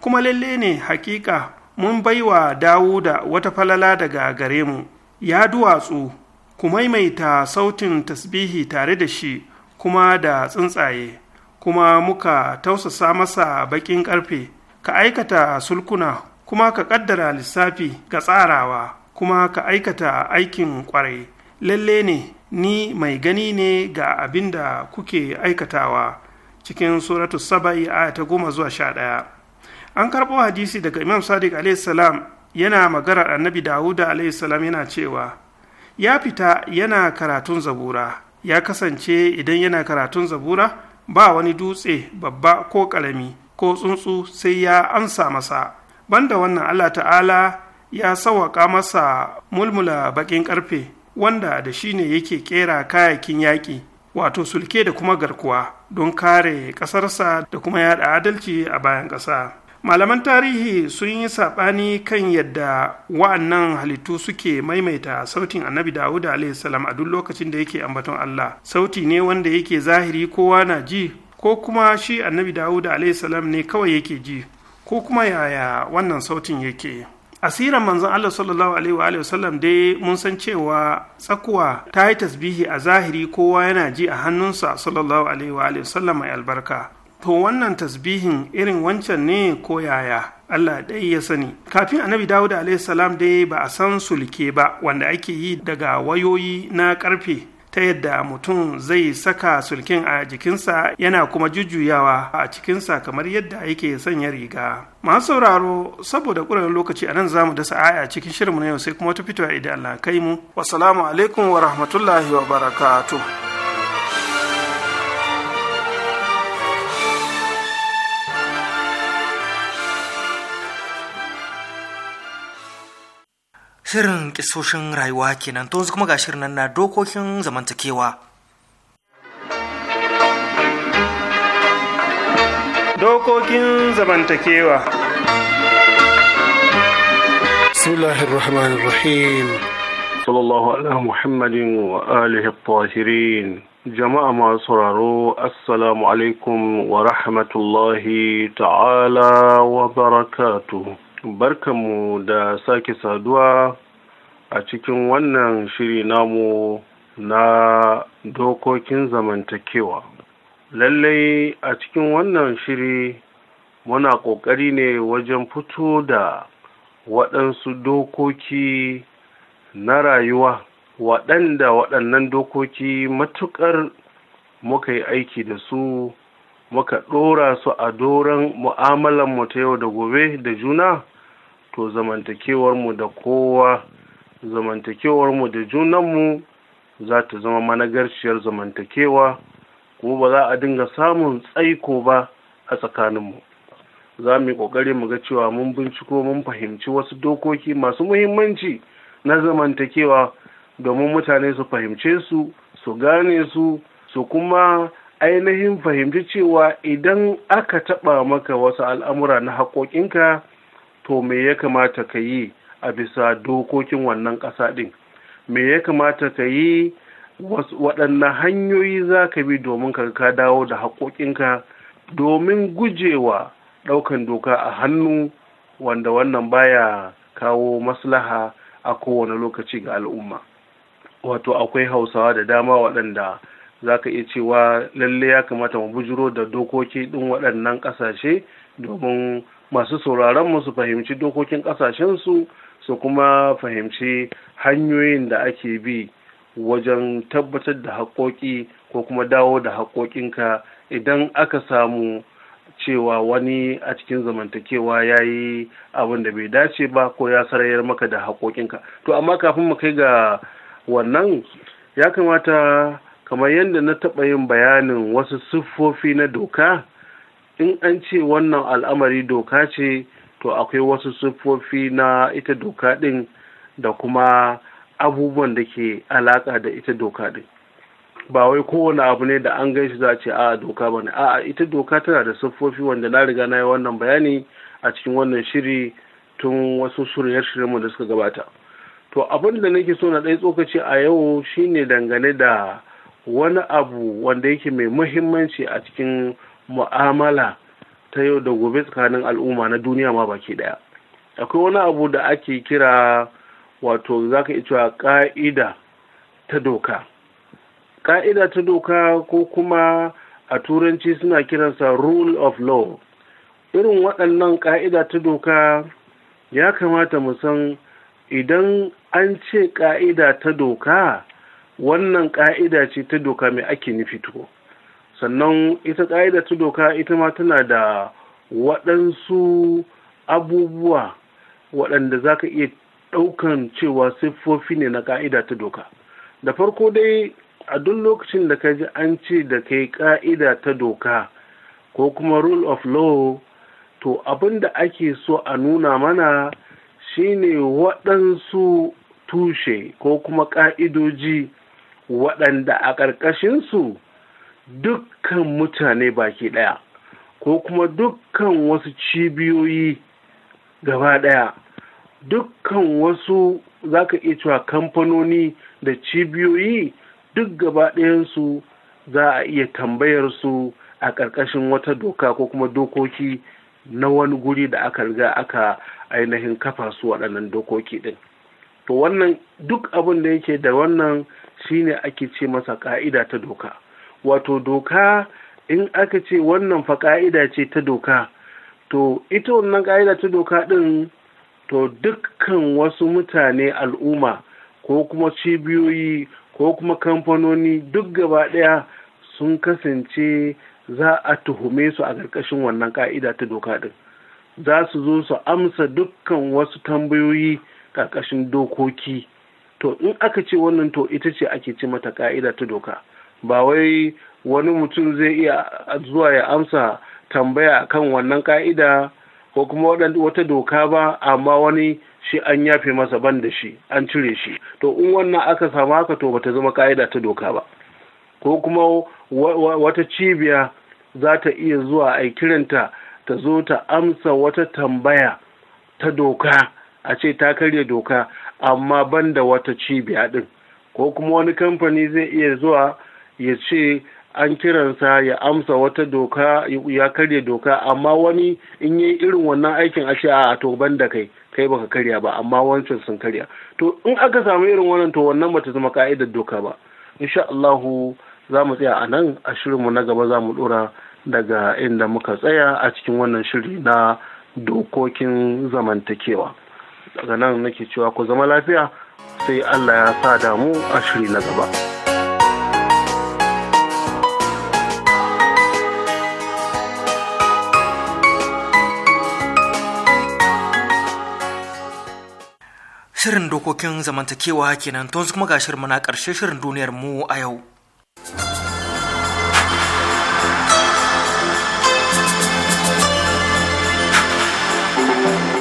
kuma lalle ne hakika mun baiwa dawuda wata falala daga gare mu ya duwatsu ku maimaita sautin tasbihi tare da shi kuma da tsuntsaye kuma muka tausasa masa baƙin ƙarfe ka aikata sulkuna kuma ka ƙaddara lissafi ga tsarawa kuma ka aikata aikin ƙwarai lalle ne ni mai gani ne ga abin da kuke aikatawa cikin suratu saba'i a ta goma zuwa sha ɗaya an karɓo hadisi daga imam sadiq salam yana magana annabi dawuda salam yana cewa ya fita yana karatun zabura ya kasance idan yana karatun zabura ba wani dutse babba ko ƙarami ko tsuntsu sai ya amsa masa banda wannan allah ta'ala ya sawaƙa masa mulmula baƙin ƙarfe wanda da shi ne yake ƙera kayakin yaƙi wato sulke da kuma garkuwa don kare ƙasarsa da kuma yaɗa adalci a bayan ƙasa malaman tarihi sun yi saɓani kan yadda wa'annan halittu suke maimaita sautin annabi dawud salam a duk lokacin da yake ambaton allah sauti ne wanda yake zahiri kowa na ji ko kuma shi annabi dawud salam ne kawai yake ji ko kuma yaya wannan sautin yake Asirin manzon Allah sallallahu alaihi wa sallam dai mun san cewa tsakuwa ta yi tasbihi a zahiri kowa yana ji a hannunsa sallallahu alaihi wa sallam mai albarka to wannan tasbihin irin wancan ne ko yaya Allah dai ya sani kafin annabi dawud salam dai ba a san sulke ba wanda ake yi daga wayoyi na karfe ta yadda mutum zai saka sulkin a jikinsa yana kuma jujjuyawa a cikinsa kamar yadda yake sanya riga masu sauraro saboda ƙuran lokaci a nan zamu dasa aya cikin shirinmu na yau sai kuma ta fitowa idan Allah kai mu wasalamu alaikum wa rahmatullahi wa barakatuh Shirin kisoshin rayuwa kenan to kuma ga shirin nan na dokokin zamantakewa. Dokokin zamantakewa. Bismillahir Rahmanir Rahim. Sallallahu ala Muhammadin wa alihi tahirin. Jama'a masu sauraro Assalamu alaikum wa rahmatullahi ta'ala wa barakatuh. barkanmu da sake saduwa a cikin wannan shiri namu na dokokin zamantakewa lallai a cikin wannan shiri muna ƙoƙari ne wajen fito da waɗansu dokoki na rayuwa waɗanda waɗannan dokoki matuƙar muka yi aiki da su muka ɗora su a doron mu'amalanmu ta yau da gobe da juna to mu da kowa zamantakewar mu da junanmu za ta zama managarciyar zamantakewa kuma ba za a dinga samun tsaiko ba a tsakaninmu za mu yi ƙoƙari mu ga cewa mun binciko mun fahimci wasu dokoki masu muhimmanci na zamantakewa domin mutane su fahimce su su gane su su kuma ainihin fahimci cewa idan aka taɓa maka wasu al'amura na haƙoƙinka to me ya kamata ka yi a bisa dokokin wannan ƙasa ɗin me ya kamata ka yi waɗannan hanyoyi za ka bi domin ka ka dawo da haƙoƙinka domin gujewa ɗaukan doka a hannu wanda wannan baya kawo maslaha a kowane lokaci ga al'umma wato akwai hausawa da dama waɗanda za ka iya cewa lalle ya kamata mu bujiro da dokoki ɗin waɗannan ƙasashe domin masu sauraron musu fahimci dokokin ƙasashensu su kuma fahimci hanyoyin da ake bi wajen tabbatar da haƙoƙi ko kuma dawo da haƙoƙinka idan aka samu cewa wani a cikin zamantakewa ya yi abin da bai dace ba ko ya sarayar maka da haƙoƙinka to amma kafin mu kai ga wannan ya kamata kamar yadda na taɓa yin bayanin wasu siffofi na doka in an ce wannan al'amari doka ce to akwai wasu siffofi na ita doka ɗin da kuma abubuwan da ke alaƙa da ita doka ɗin ba wai kowane abu ne da an gaishe za a ce a doka ba ne a ita doka tana da siffofi wanda na riga na yi wannan bayani a cikin wannan shiri tun wasu shiryar shiryenmu da suka gabata to abin da nake so na ɗaya tsokaci a yau shine dangane da wani abu wanda yake mai muhimmanci a cikin mu'amala ta yau da gobe tsakanin al'umma na duniya ma baki daya akwai wani abu da ake kira wato za ka cewa ka'ida ta doka ka'ida ta doka ko kuma a turanci suna kiransa rule of law irin waɗannan ka'ida ta doka ya kamata mu san idan an ce ka'ida ta doka wannan ka'ida ce ta doka mai ake nufi tuwo sannan ita ƙa'ida ta doka ita ma tana da waɗansu abubuwa waɗanda za ka iya ɗaukan cewa siffofi ne na ƙa'ida ta doka da farko dai a duk lokacin da ka ji an ce da kai ƙa'ida ta doka ko kuma rule of law to abin da ake so a nuna mana shine waɗansu tushe ko kuma ƙa'idoji waɗanda a ƙarƙashinsu dukkan mutane baki ɗaya ko kuma dukkan wasu cibiyoyi gaba ɗaya dukkan wasu za ka iya cewa kamfanoni da cibiyoyi duk gaba ɗayansu za a iya tambayar su a ƙarƙashin wata doka ko kuma dokoki na wani guri da aka riga aka ainihin kafa su waɗannan dokoki ɗin to wannan duk abin da yake da wannan shine ake ce masa ƙa'ida ta doka wato doka in aka ce wannan fa ka'ida ce ta doka to ita wannan ka'ida ta doka ɗin to dukkan wasu mutane al'umma ko kuma cibiyoyi ko kuma kamfanoni duk gaba ɗaya sun kasance za a tuhume su a ƙarƙashin wannan ka'ida ta doka ɗin za su zo su amsa dukkan wasu tambayoyi ƙarƙashin dokoki to in aka ce wannan to ita ce ake ci mata ka'ida ta doka ba wai wani mutum zai iya zuwa ya amsa tambaya kan wannan ka'ida ko kuma wata doka ba amma wani shi an yafe masa ban da shi an cire shi to in wannan aka samu haka to bata zama ka'ida ta doka ba ko kuma wata cibiya za ta iya zuwa a kiranta ta zo ta amsa wata tambaya ta doka a ce ta karya doka amma ban da wata cibiya din ko kuma wani kamfani zai iya zuwa ya ce an kiransa ya amsa wata doka ya karya doka amma wani in yi irin wannan aikin ce a to ban da kai kai baka karya ba amma wancan sun karya to in aka samu irin wannan to wannan bata zama ka'idar doka ba insha Allahu za mu tsaya a nan a shirinmu na gaba za mu dora daga inda muka tsaya a cikin wannan shiri na dokokin zamantakewa daga nan nake cewa ku zama lafiya sai Allah ya sa damu a shiri na gaba. Shirin dokokin zamantakewa kenan tun kuma ga shirin na karshe shirin duniyar mu a yau.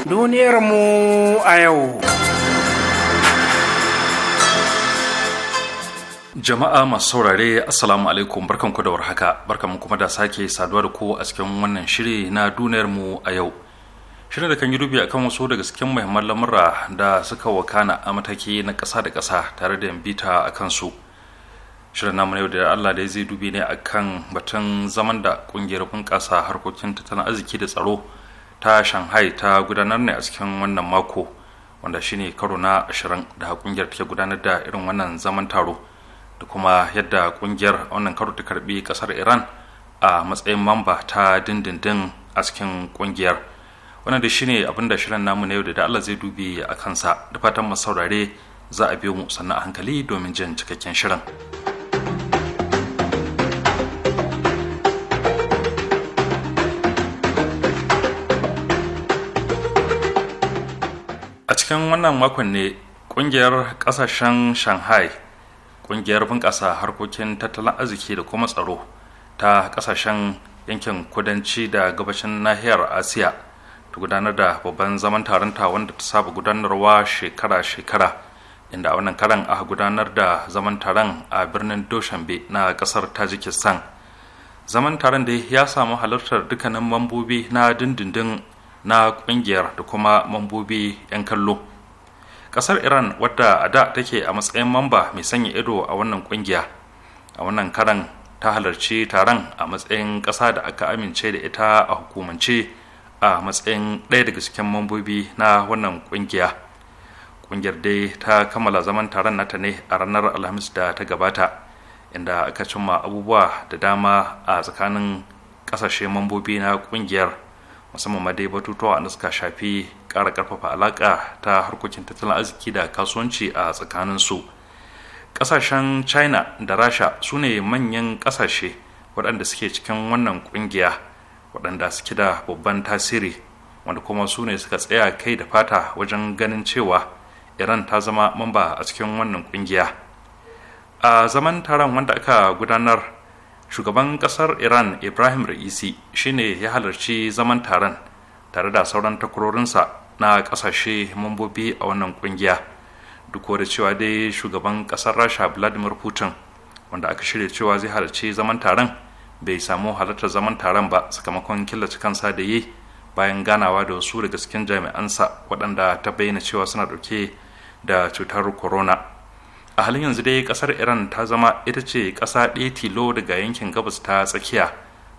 Duniyar mu a yau. Jama'a masu saurare Assalamu alaikum barkanku da warhaka barkanku kuma da sake saduwa da ku a cikin wannan shiri na duniyar mu a yau. shirin da kan yi dubi akan wasu daga cikin muhimman lamura da suka wakana a mataki na ƙasa da ƙasa tare da bita a kansu shirin namu yau da allah dai zai dubi ne kan batun zaman da ƙungiyar bunƙasa harkokin tattalin arziki da tsaro ta shanghai ta gudanar ne a cikin wannan mako wanda shine karo na ashirin da ƙungiyar take gudanar da irin wannan zaman taro da kuma yadda ƙungiyar wannan karo ta karbi ƙasar iran a matsayin mamba ta dindindin a cikin ƙungiyar wannan da shine abin da shirin namu na yau da Allah zai dubi a kansa da fatan mu saurare za a biyo mu sannan a hankali domin jin cikakken shirin. A cikin wannan makon ne kungiyar kasashen Shanghai, kungiyar bunƙasa harkokin tattalin arziki da kuma tsaro ta kasashen yankin kudanci da gabashin nahiyar Asiya ta gudanar da babban zaman taron ta wanda ta saba gudanarwa shekara-shekara inda a wannan karan aka gudanar da zaman taron a birnin doshambe na kasar tajikistan zaman taron da ya samu halartar dukkanin mambobi na dindindin na kungiyar da kuma mambobi 'yan kallo kasar iran wadda a da take a matsayin mamba mai sanya ido a wannan kungiya a wannan karan ta halarci taron a matsayin kasa da aka amince da ita a hukumance a matsayin ɗaya daga cikin mambobi na wannan ƙungiya ƙungiyar dai ta kammala zaman taron nata ne a ranar alhamis da ta gabata inda aka cimma abubuwa da dama a tsakanin ƙasashe mambobi na ƙungiyar musamman ma dai batutuwa da suka shafi ƙara ƙarfafa alaƙa ta harkokin tattalin arziki da kasuwanci a tsakanin su ƙasashen china da rasha su ne manyan ƙasashe waɗanda suke cikin wannan ƙungiya waɗanda suke da babban tasiri wanda kuma su ne suka tsaya kai da fata wajen ganin cewa iran ta zama mamba a cikin wannan ƙungiya. a zaman taron wanda aka gudanar shugaban kasar iran ibrahim ra'isi shine ya halarci zaman taron tare da sauran takwarorinsa na kasashe mambobi a wannan ƙungiya duk da cewa dai shugaban kasar rasha vladimir putin wanda aka shirya cewa zai halarci zaman taron bai samu halartar zaman taron ba sakamakon killace kansa da yi bayan ganawa da wasu daga cikin jami'ansa waɗanda ta bayyana cewa suna ɗauke da cutar corona a halin yanzu dai ƙasar iran ta zama ita ce ƙasa ɗaya tilo daga yankin gabas ta tsakiya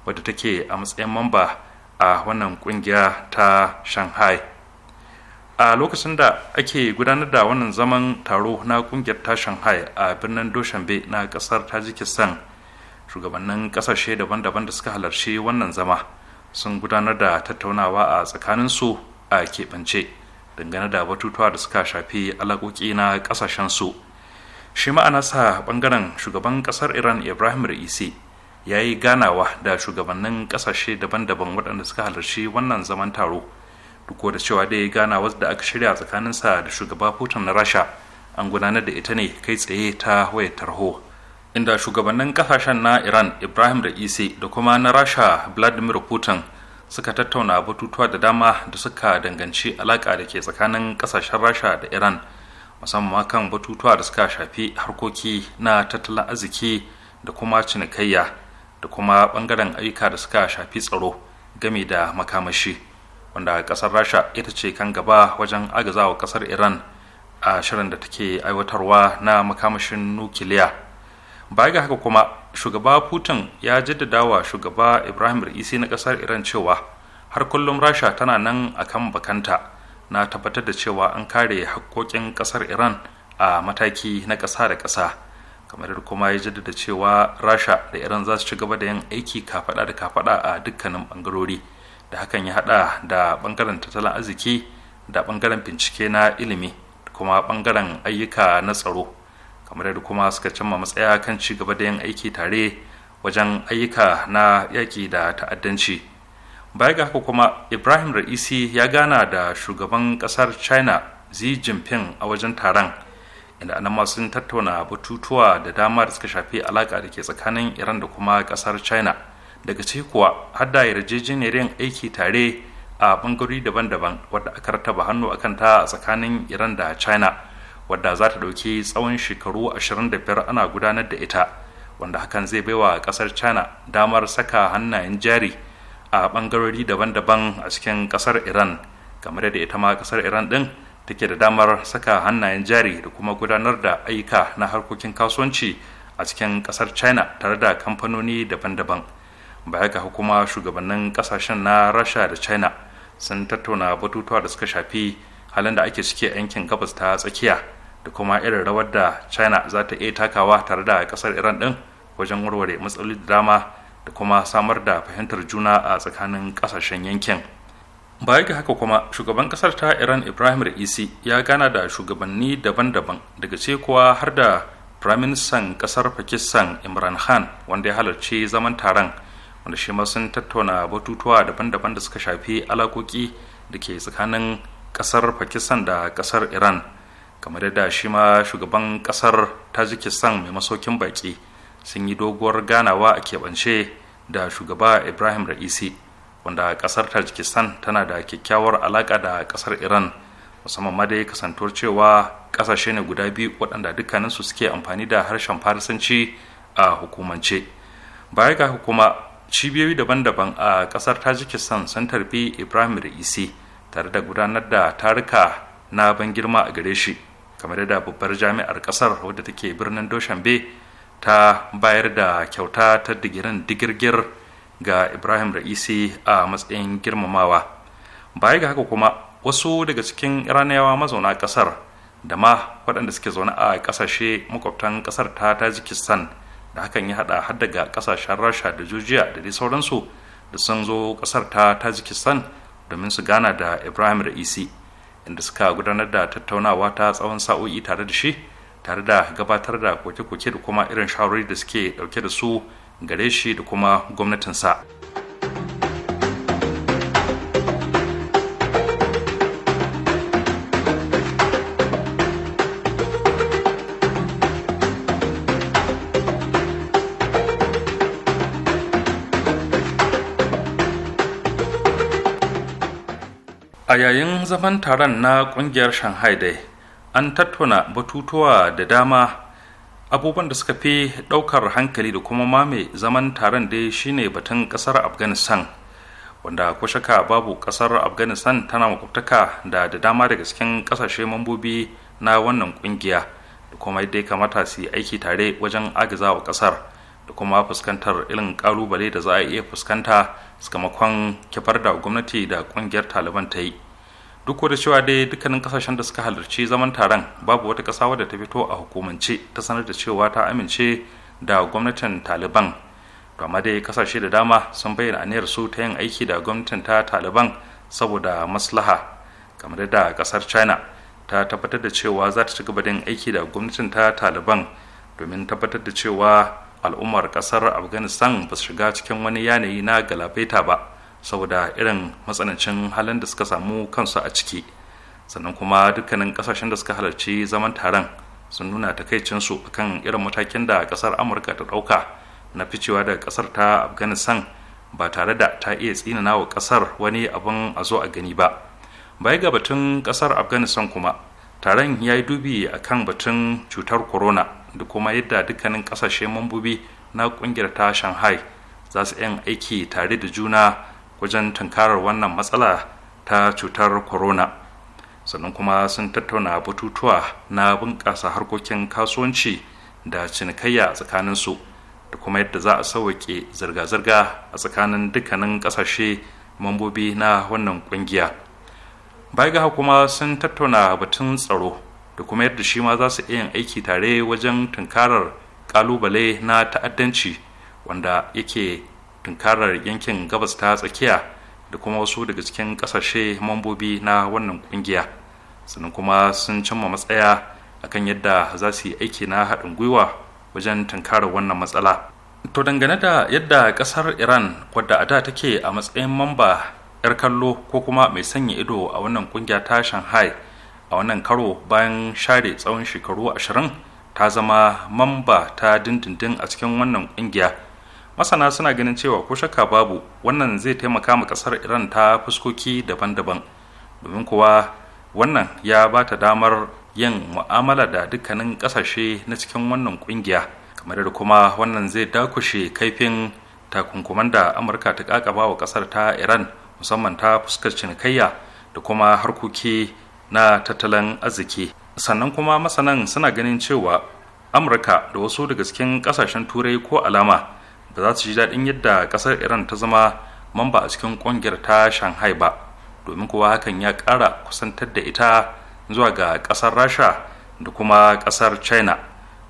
wadda take a matsayin mamba a wannan ƙungiya ta shanghai a lokacin da ake gudanar da wannan zaman taro na ƙungiyar ta shanghai a birnin doshambe na ƙasar tajikistan shugabannin kasashe daban-daban da suka halarci wannan zama sun gudanar da tattaunawa a tsakaninsu a keɓance dangane da batutuwa da suka shafi alaƙoƙi na ƙasashensu shi ma'ana sa ɓangaren shugaban ƙasar iran ibrahim Ra'isi ya yi ganawa da shugabannin ƙasashe daban-daban waɗanda suka halarci wannan zaman taro duk da cewa dai wasu da aka shirya tsakaninsa da shugaba putin na rasha an gudanar da ita ne kai tsaye ta wayar tarho inda shugabannin kasashen na iran ibrahim da isi da kuma na rasha vladimir putin suka tattauna batutuwa da dama da suka danganci alaƙa da ke tsakanin kasashen rasha da iran musamman kan batutuwa da suka shafi harkoki na tattalin arziki da kuma cinikayya da kuma bangaren ayyuka da suka shafi tsaro game da makamashi wanda kasar rasha ita ce kan gaba wajen agazawa kasar iran a shirin da take aiwatarwa na makamashin nukiliya baya ga haka kuma shugaba putin ya jaddada wa shugaba ibrahim isi na kasar iran cewa har kullum rasha tana nan a kan bakanta na tabbatar da cewa an kare hakkokin kasar iran a mataki na ƙasa da ƙasa kamar kuma ya jaddada cewa rasha da iran za su ci gaba da yin aiki kafaɗa da kafaɗa a dukkanin bangarori da hakan ya hada da bangaren tattalin arziki da bangaren bincike na ilimi da kuma bangaren ayyuka na tsaro kamar yadda kuma suka cimma matsaya kan ci gaba da yin aiki tare wajen ayyuka na yaƙi da ta'addanci baya ga haka kuma ibrahim ra'isi ya gana da shugaban ƙasar china xi jinping a wajen taron inda anan ma sun tattauna batutuwa da dama da suka shafi alaƙa da ke tsakanin iran da kuma ƙasar china daga ciki kuwa har da yarjejeniyar yin aiki tare a bangarori daban-daban wadda aka rataba hannu akan ta tsakanin iran da china wadda za ta ɗauki tsawon shekaru 25 ana gudanar da ita wanda hakan zai baiwa kasar china damar saka hannayen jari a ɓangarori daban-daban a cikin kasar iran kamar yadda ita ma kasar iran ɗin take da damar saka hannayen jari da kuma gudanar da ayyuka na harkokin kasuwanci a cikin kasar china tare da kamfanoni daban-daban baya ga hukuma shugabannin kasashen na rasha da china sun tattauna batutuwa da suka shafi halin da ake ciki a yankin gabas ta tsakiya da kuma irin rawar da china za ta iya takawa tare da kasar iran din wajen warware matsaloli da dama da kuma samar da fahimtar juna a tsakanin kasashen yankin baya ga haka kuma shugaban kasar ta iran ibrahim Raisi ya gana da shugabanni daban-daban daga ce har da firaministan kasar pakistan imran khan wanda ya halarci zaman taron wanda shi ma sun tattauna batutuwa daban-daban da suka shafi alakoki da ke tsakanin kasar pakistan da kasar iran kamar yadda shi ma shugaban kasar tajikistan mai masaukin baki sun yi doguwar ganawa a keɓance da shugaba ibrahim ra'isi wanda kasar tajikistan tana da kyakkyawar alaƙa da kasar iran musamman ma dai kasantuwar cewa ƙasashe ne guda biyu waɗanda dukkaninsu suke amfani da harshen farisanci a hukumance baya ga hukuma cibiyoyi daban-daban a ƙasar tajikistan sun tarbi ibrahim ra'isi tare da gudanar da taruka na ban girma a gare shi kamar yadda babbar jami'ar kasar wadda take birnin doshambe ta bayar da kyauta ta digirin digirgir ga ibrahim ra'isi a matsayin girmamawa baya ga haka kuma wasu daga cikin iraniyawa mazauna kasar da ma waɗanda suke zaune a ƙasashe makwabtan ƙasar ta tajikistan da hakan ya haɗa har daga ƙasashen rasha da jujiya da dai sauransu da sun zo ƙasar ta tajikistan domin su gana da ibrahim ra'isi inda suka gudanar da tattaunawa ta tsawon sa'o'i tare da shi tare da gabatar da koke-koke da kuma irin shawarwari da suke dauke da su gare shi da kuma gwamnatinsa. a yayin zaman taron na kungiyar shanghai dai an tattauna batutuwa da dama abubuwan da suka fi daukar hankali da kuma ma mai zaman taron dai shine batun kasar afghanistan wanda ko shaka babu kasar afghanistan tana makwabtaka da da dama daga cikin kasashe mambobi na wannan kungiya da kuma yadda kamata su yi aiki tare wajen agazawa kasar da kuma fuskantar irin kalubale da za a iya fuskanta sakamakon kifar da gwamnati da kungiyar taliban ta yi duk da cewa dai dukkanin kasashen da suka halarci zaman taron babu wata ƙasa wadda ta fito a hukumance ta sanar da cewa ta amince da gwamnatin taliban to amma dai kasashe da dama sun bayyana aniyar su ta yin aiki da gwamnatin ta taliban saboda maslaha kamar da kasar china ta tabbatar da cewa za ta ci gaba da yin aiki da gwamnatin ta taliban domin tabbatar da cewa al'ummar kasar afghanistan ba su shiga cikin wani yanayi na galabaita ba saboda irin matsanancin halin da suka samu kansu a ciki sannan kuma dukkanin kasashen da suka halarci zaman taron sun nuna takaicinsu akan irin matakin da kasar amurka ta ɗauka na ficewa daga kasar ta afghanistan ba tare da ta iya tsinana wa kasar wani abin a zo a gani ba baya ga batun kasar afghanistan kuma taron ya yi dubi akan batun cutar corona da kuma yadda dukkanin kasashe mambobi na kungiyar ta shanghai za su yin aiki tare da juna wajen tunkarar wannan matsala ta cutar corona sannan kuma sun tattauna batutuwa na bunƙasa harkokin kasuwanci da cinikayya a tsakaninsu da kuma yadda za a sauwaƙe zirga-zirga a tsakanin dukkanin ƙasashe mambobi na wannan ƙungiya baya ga kuma sun tattauna batun tsaro da kuma yadda shi ma za su iya yin aiki tare wajen tunkarar kalubale na ta'addanci wanda yake tunkarar yankin gabas ta tsakiya da kuma wasu daga cikin kasashe mambobi na wannan kungiya sannan kuma sun cimma matsaya akan yadda za su yi aiki na haɗin gwiwa wajen tunkarar wannan matsala to dangane da yadda ƙasar iran wadda a da take a matsayin mamba 'yar kallo ko kuma mai sanya ido a wannan kungiya ta shanghai a wannan karo bayan share tsawon shekaru ashirin ta zama mamba ta dindindin a cikin wannan ƙungiya. masana suna ganin cewa ko shakka babu wannan zai taimaka ma kasar iran ta fuskoki daban-daban domin kuwa wannan ya ba ta damar yin mu'amala da dukkanin kasashe na cikin wannan kungiya kamar da kuma wannan zai dakushe kaifin takunkuman da amurka ta kakaba wa kasar ta iran musamman ta fuskar cinikayya da kuma harkoki na tattalin arziki sannan kuma masanan suna ganin cewa amurka da wasu daga cikin kasashen turai ko alama ba za su ji daɗin yadda ƙasar iran ta zama mamba a cikin ƙungiyar ta shanghai ba domin kuwa hakan ya ƙara kusantar da ita zuwa ga ƙasar rasha da kuma ƙasar china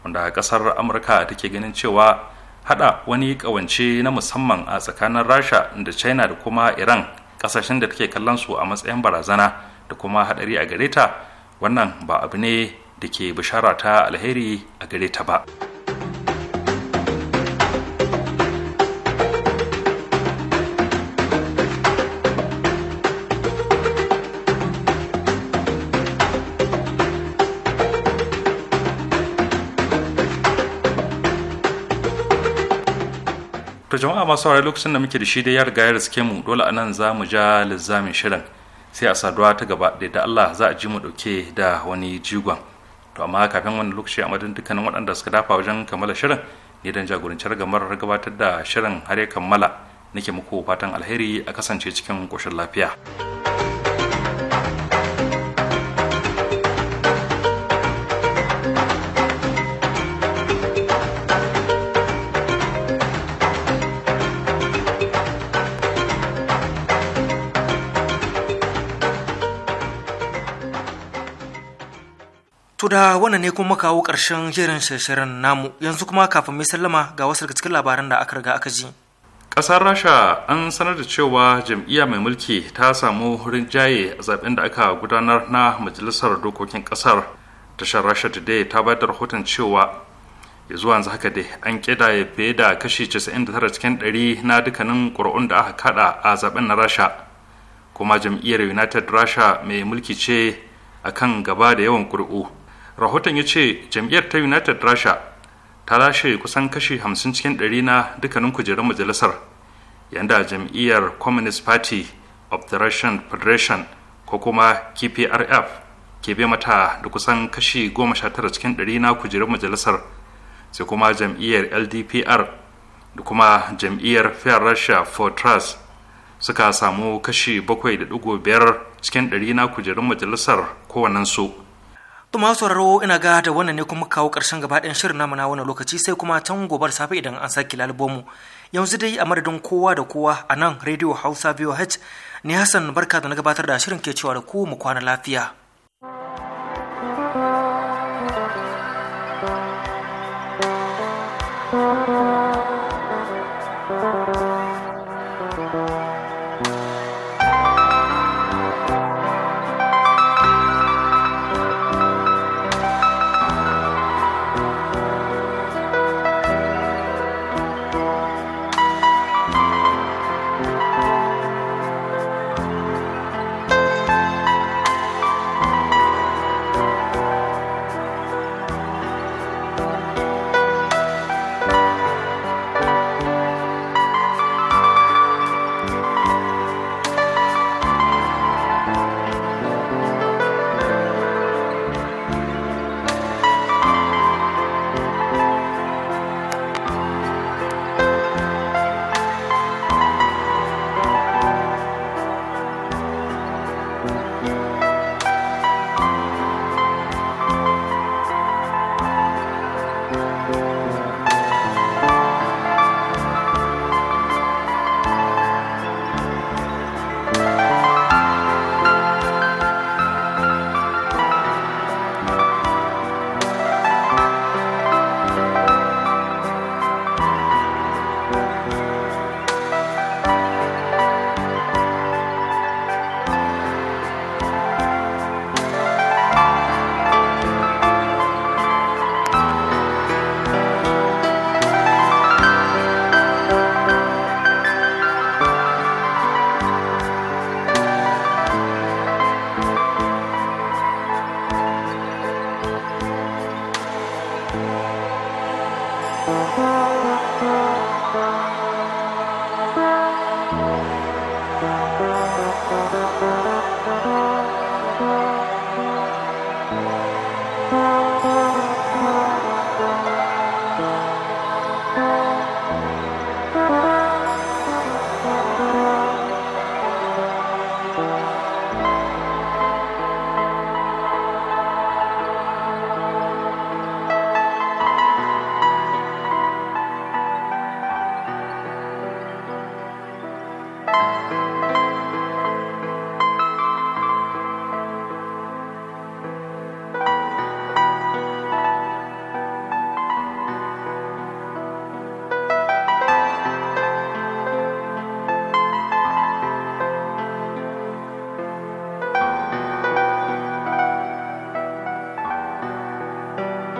wanda ƙasar amurka take ganin cewa hada wani ƙawance na musamman a tsakanin rasha da china da kuma iran ƙasashen da take kallon su a matsayin barazana da kuma hadari a gare ta wannan ba abu ne da ke bishara ta alheri a gare ta ba. jama'a masu saurari lokacin da muke da shi da yar gayar suke mu dole anan za mu ja lizamin shirin sai a saduwa ta gaba da da Allah za a ji mu dauke da wani jigon to amma kafin wannan lokaci a madadin dukkanin waɗanda suka dafa wajen kammala shirin ne dan jagorancin gamar gabatar da shirin har ya kammala nake muku fatan alheri a kasance cikin koshin lafiya. To da wannan ne kuma kawo ƙarshen shirin shirin namu yanzu kuma kafin mai sallama ga wasu daga cikin labaran da aka riga aka ji. Ƙasar Rasha an sanar da cewa jam'iyya mai mulki ta samu rinjaye a zaben da aka gudanar na majalisar dokokin ƙasar. Tashar Rasha Today ta bayar da rahoton cewa ya zuwa yanzu haka dai an ya fiye da kashi 99 cikin 100 na dukkanin ƙuri'un da aka kaɗa a zaben na Rasha. Kuma jam'iyyar United Rasha mai mulki ce akan gaba da yawan ƙuri'u. rahoton ya ce jam'iyyar ta united russia ta lashe kusan kashi 50 cikin 100 na dukkanin kujerun majalisar yadda jam'iyyar communist party of the russian federation ko kuma kprf ke bai mata da kusan kashi 19 cikin 100 na kujerun majalisar sai kuma jam'iyyar ldpr da kuma jam'iyyar fair russia for trust suka samu kashi 7.5 cikin 100 na kujerun majalisar kowannensu To masu sauraro ina ga da wannan ne kuma kawo ƙarshen gaba ɗayan shirin namu na lokaci sai kuma can gobar safe idan an sake lalbomu. Yanzu dai a madadin kowa da kowa a nan Radio Hausa VOH ne Hassan barka da na gabatar da shirin ke cewa da ku mu kwana lafiya.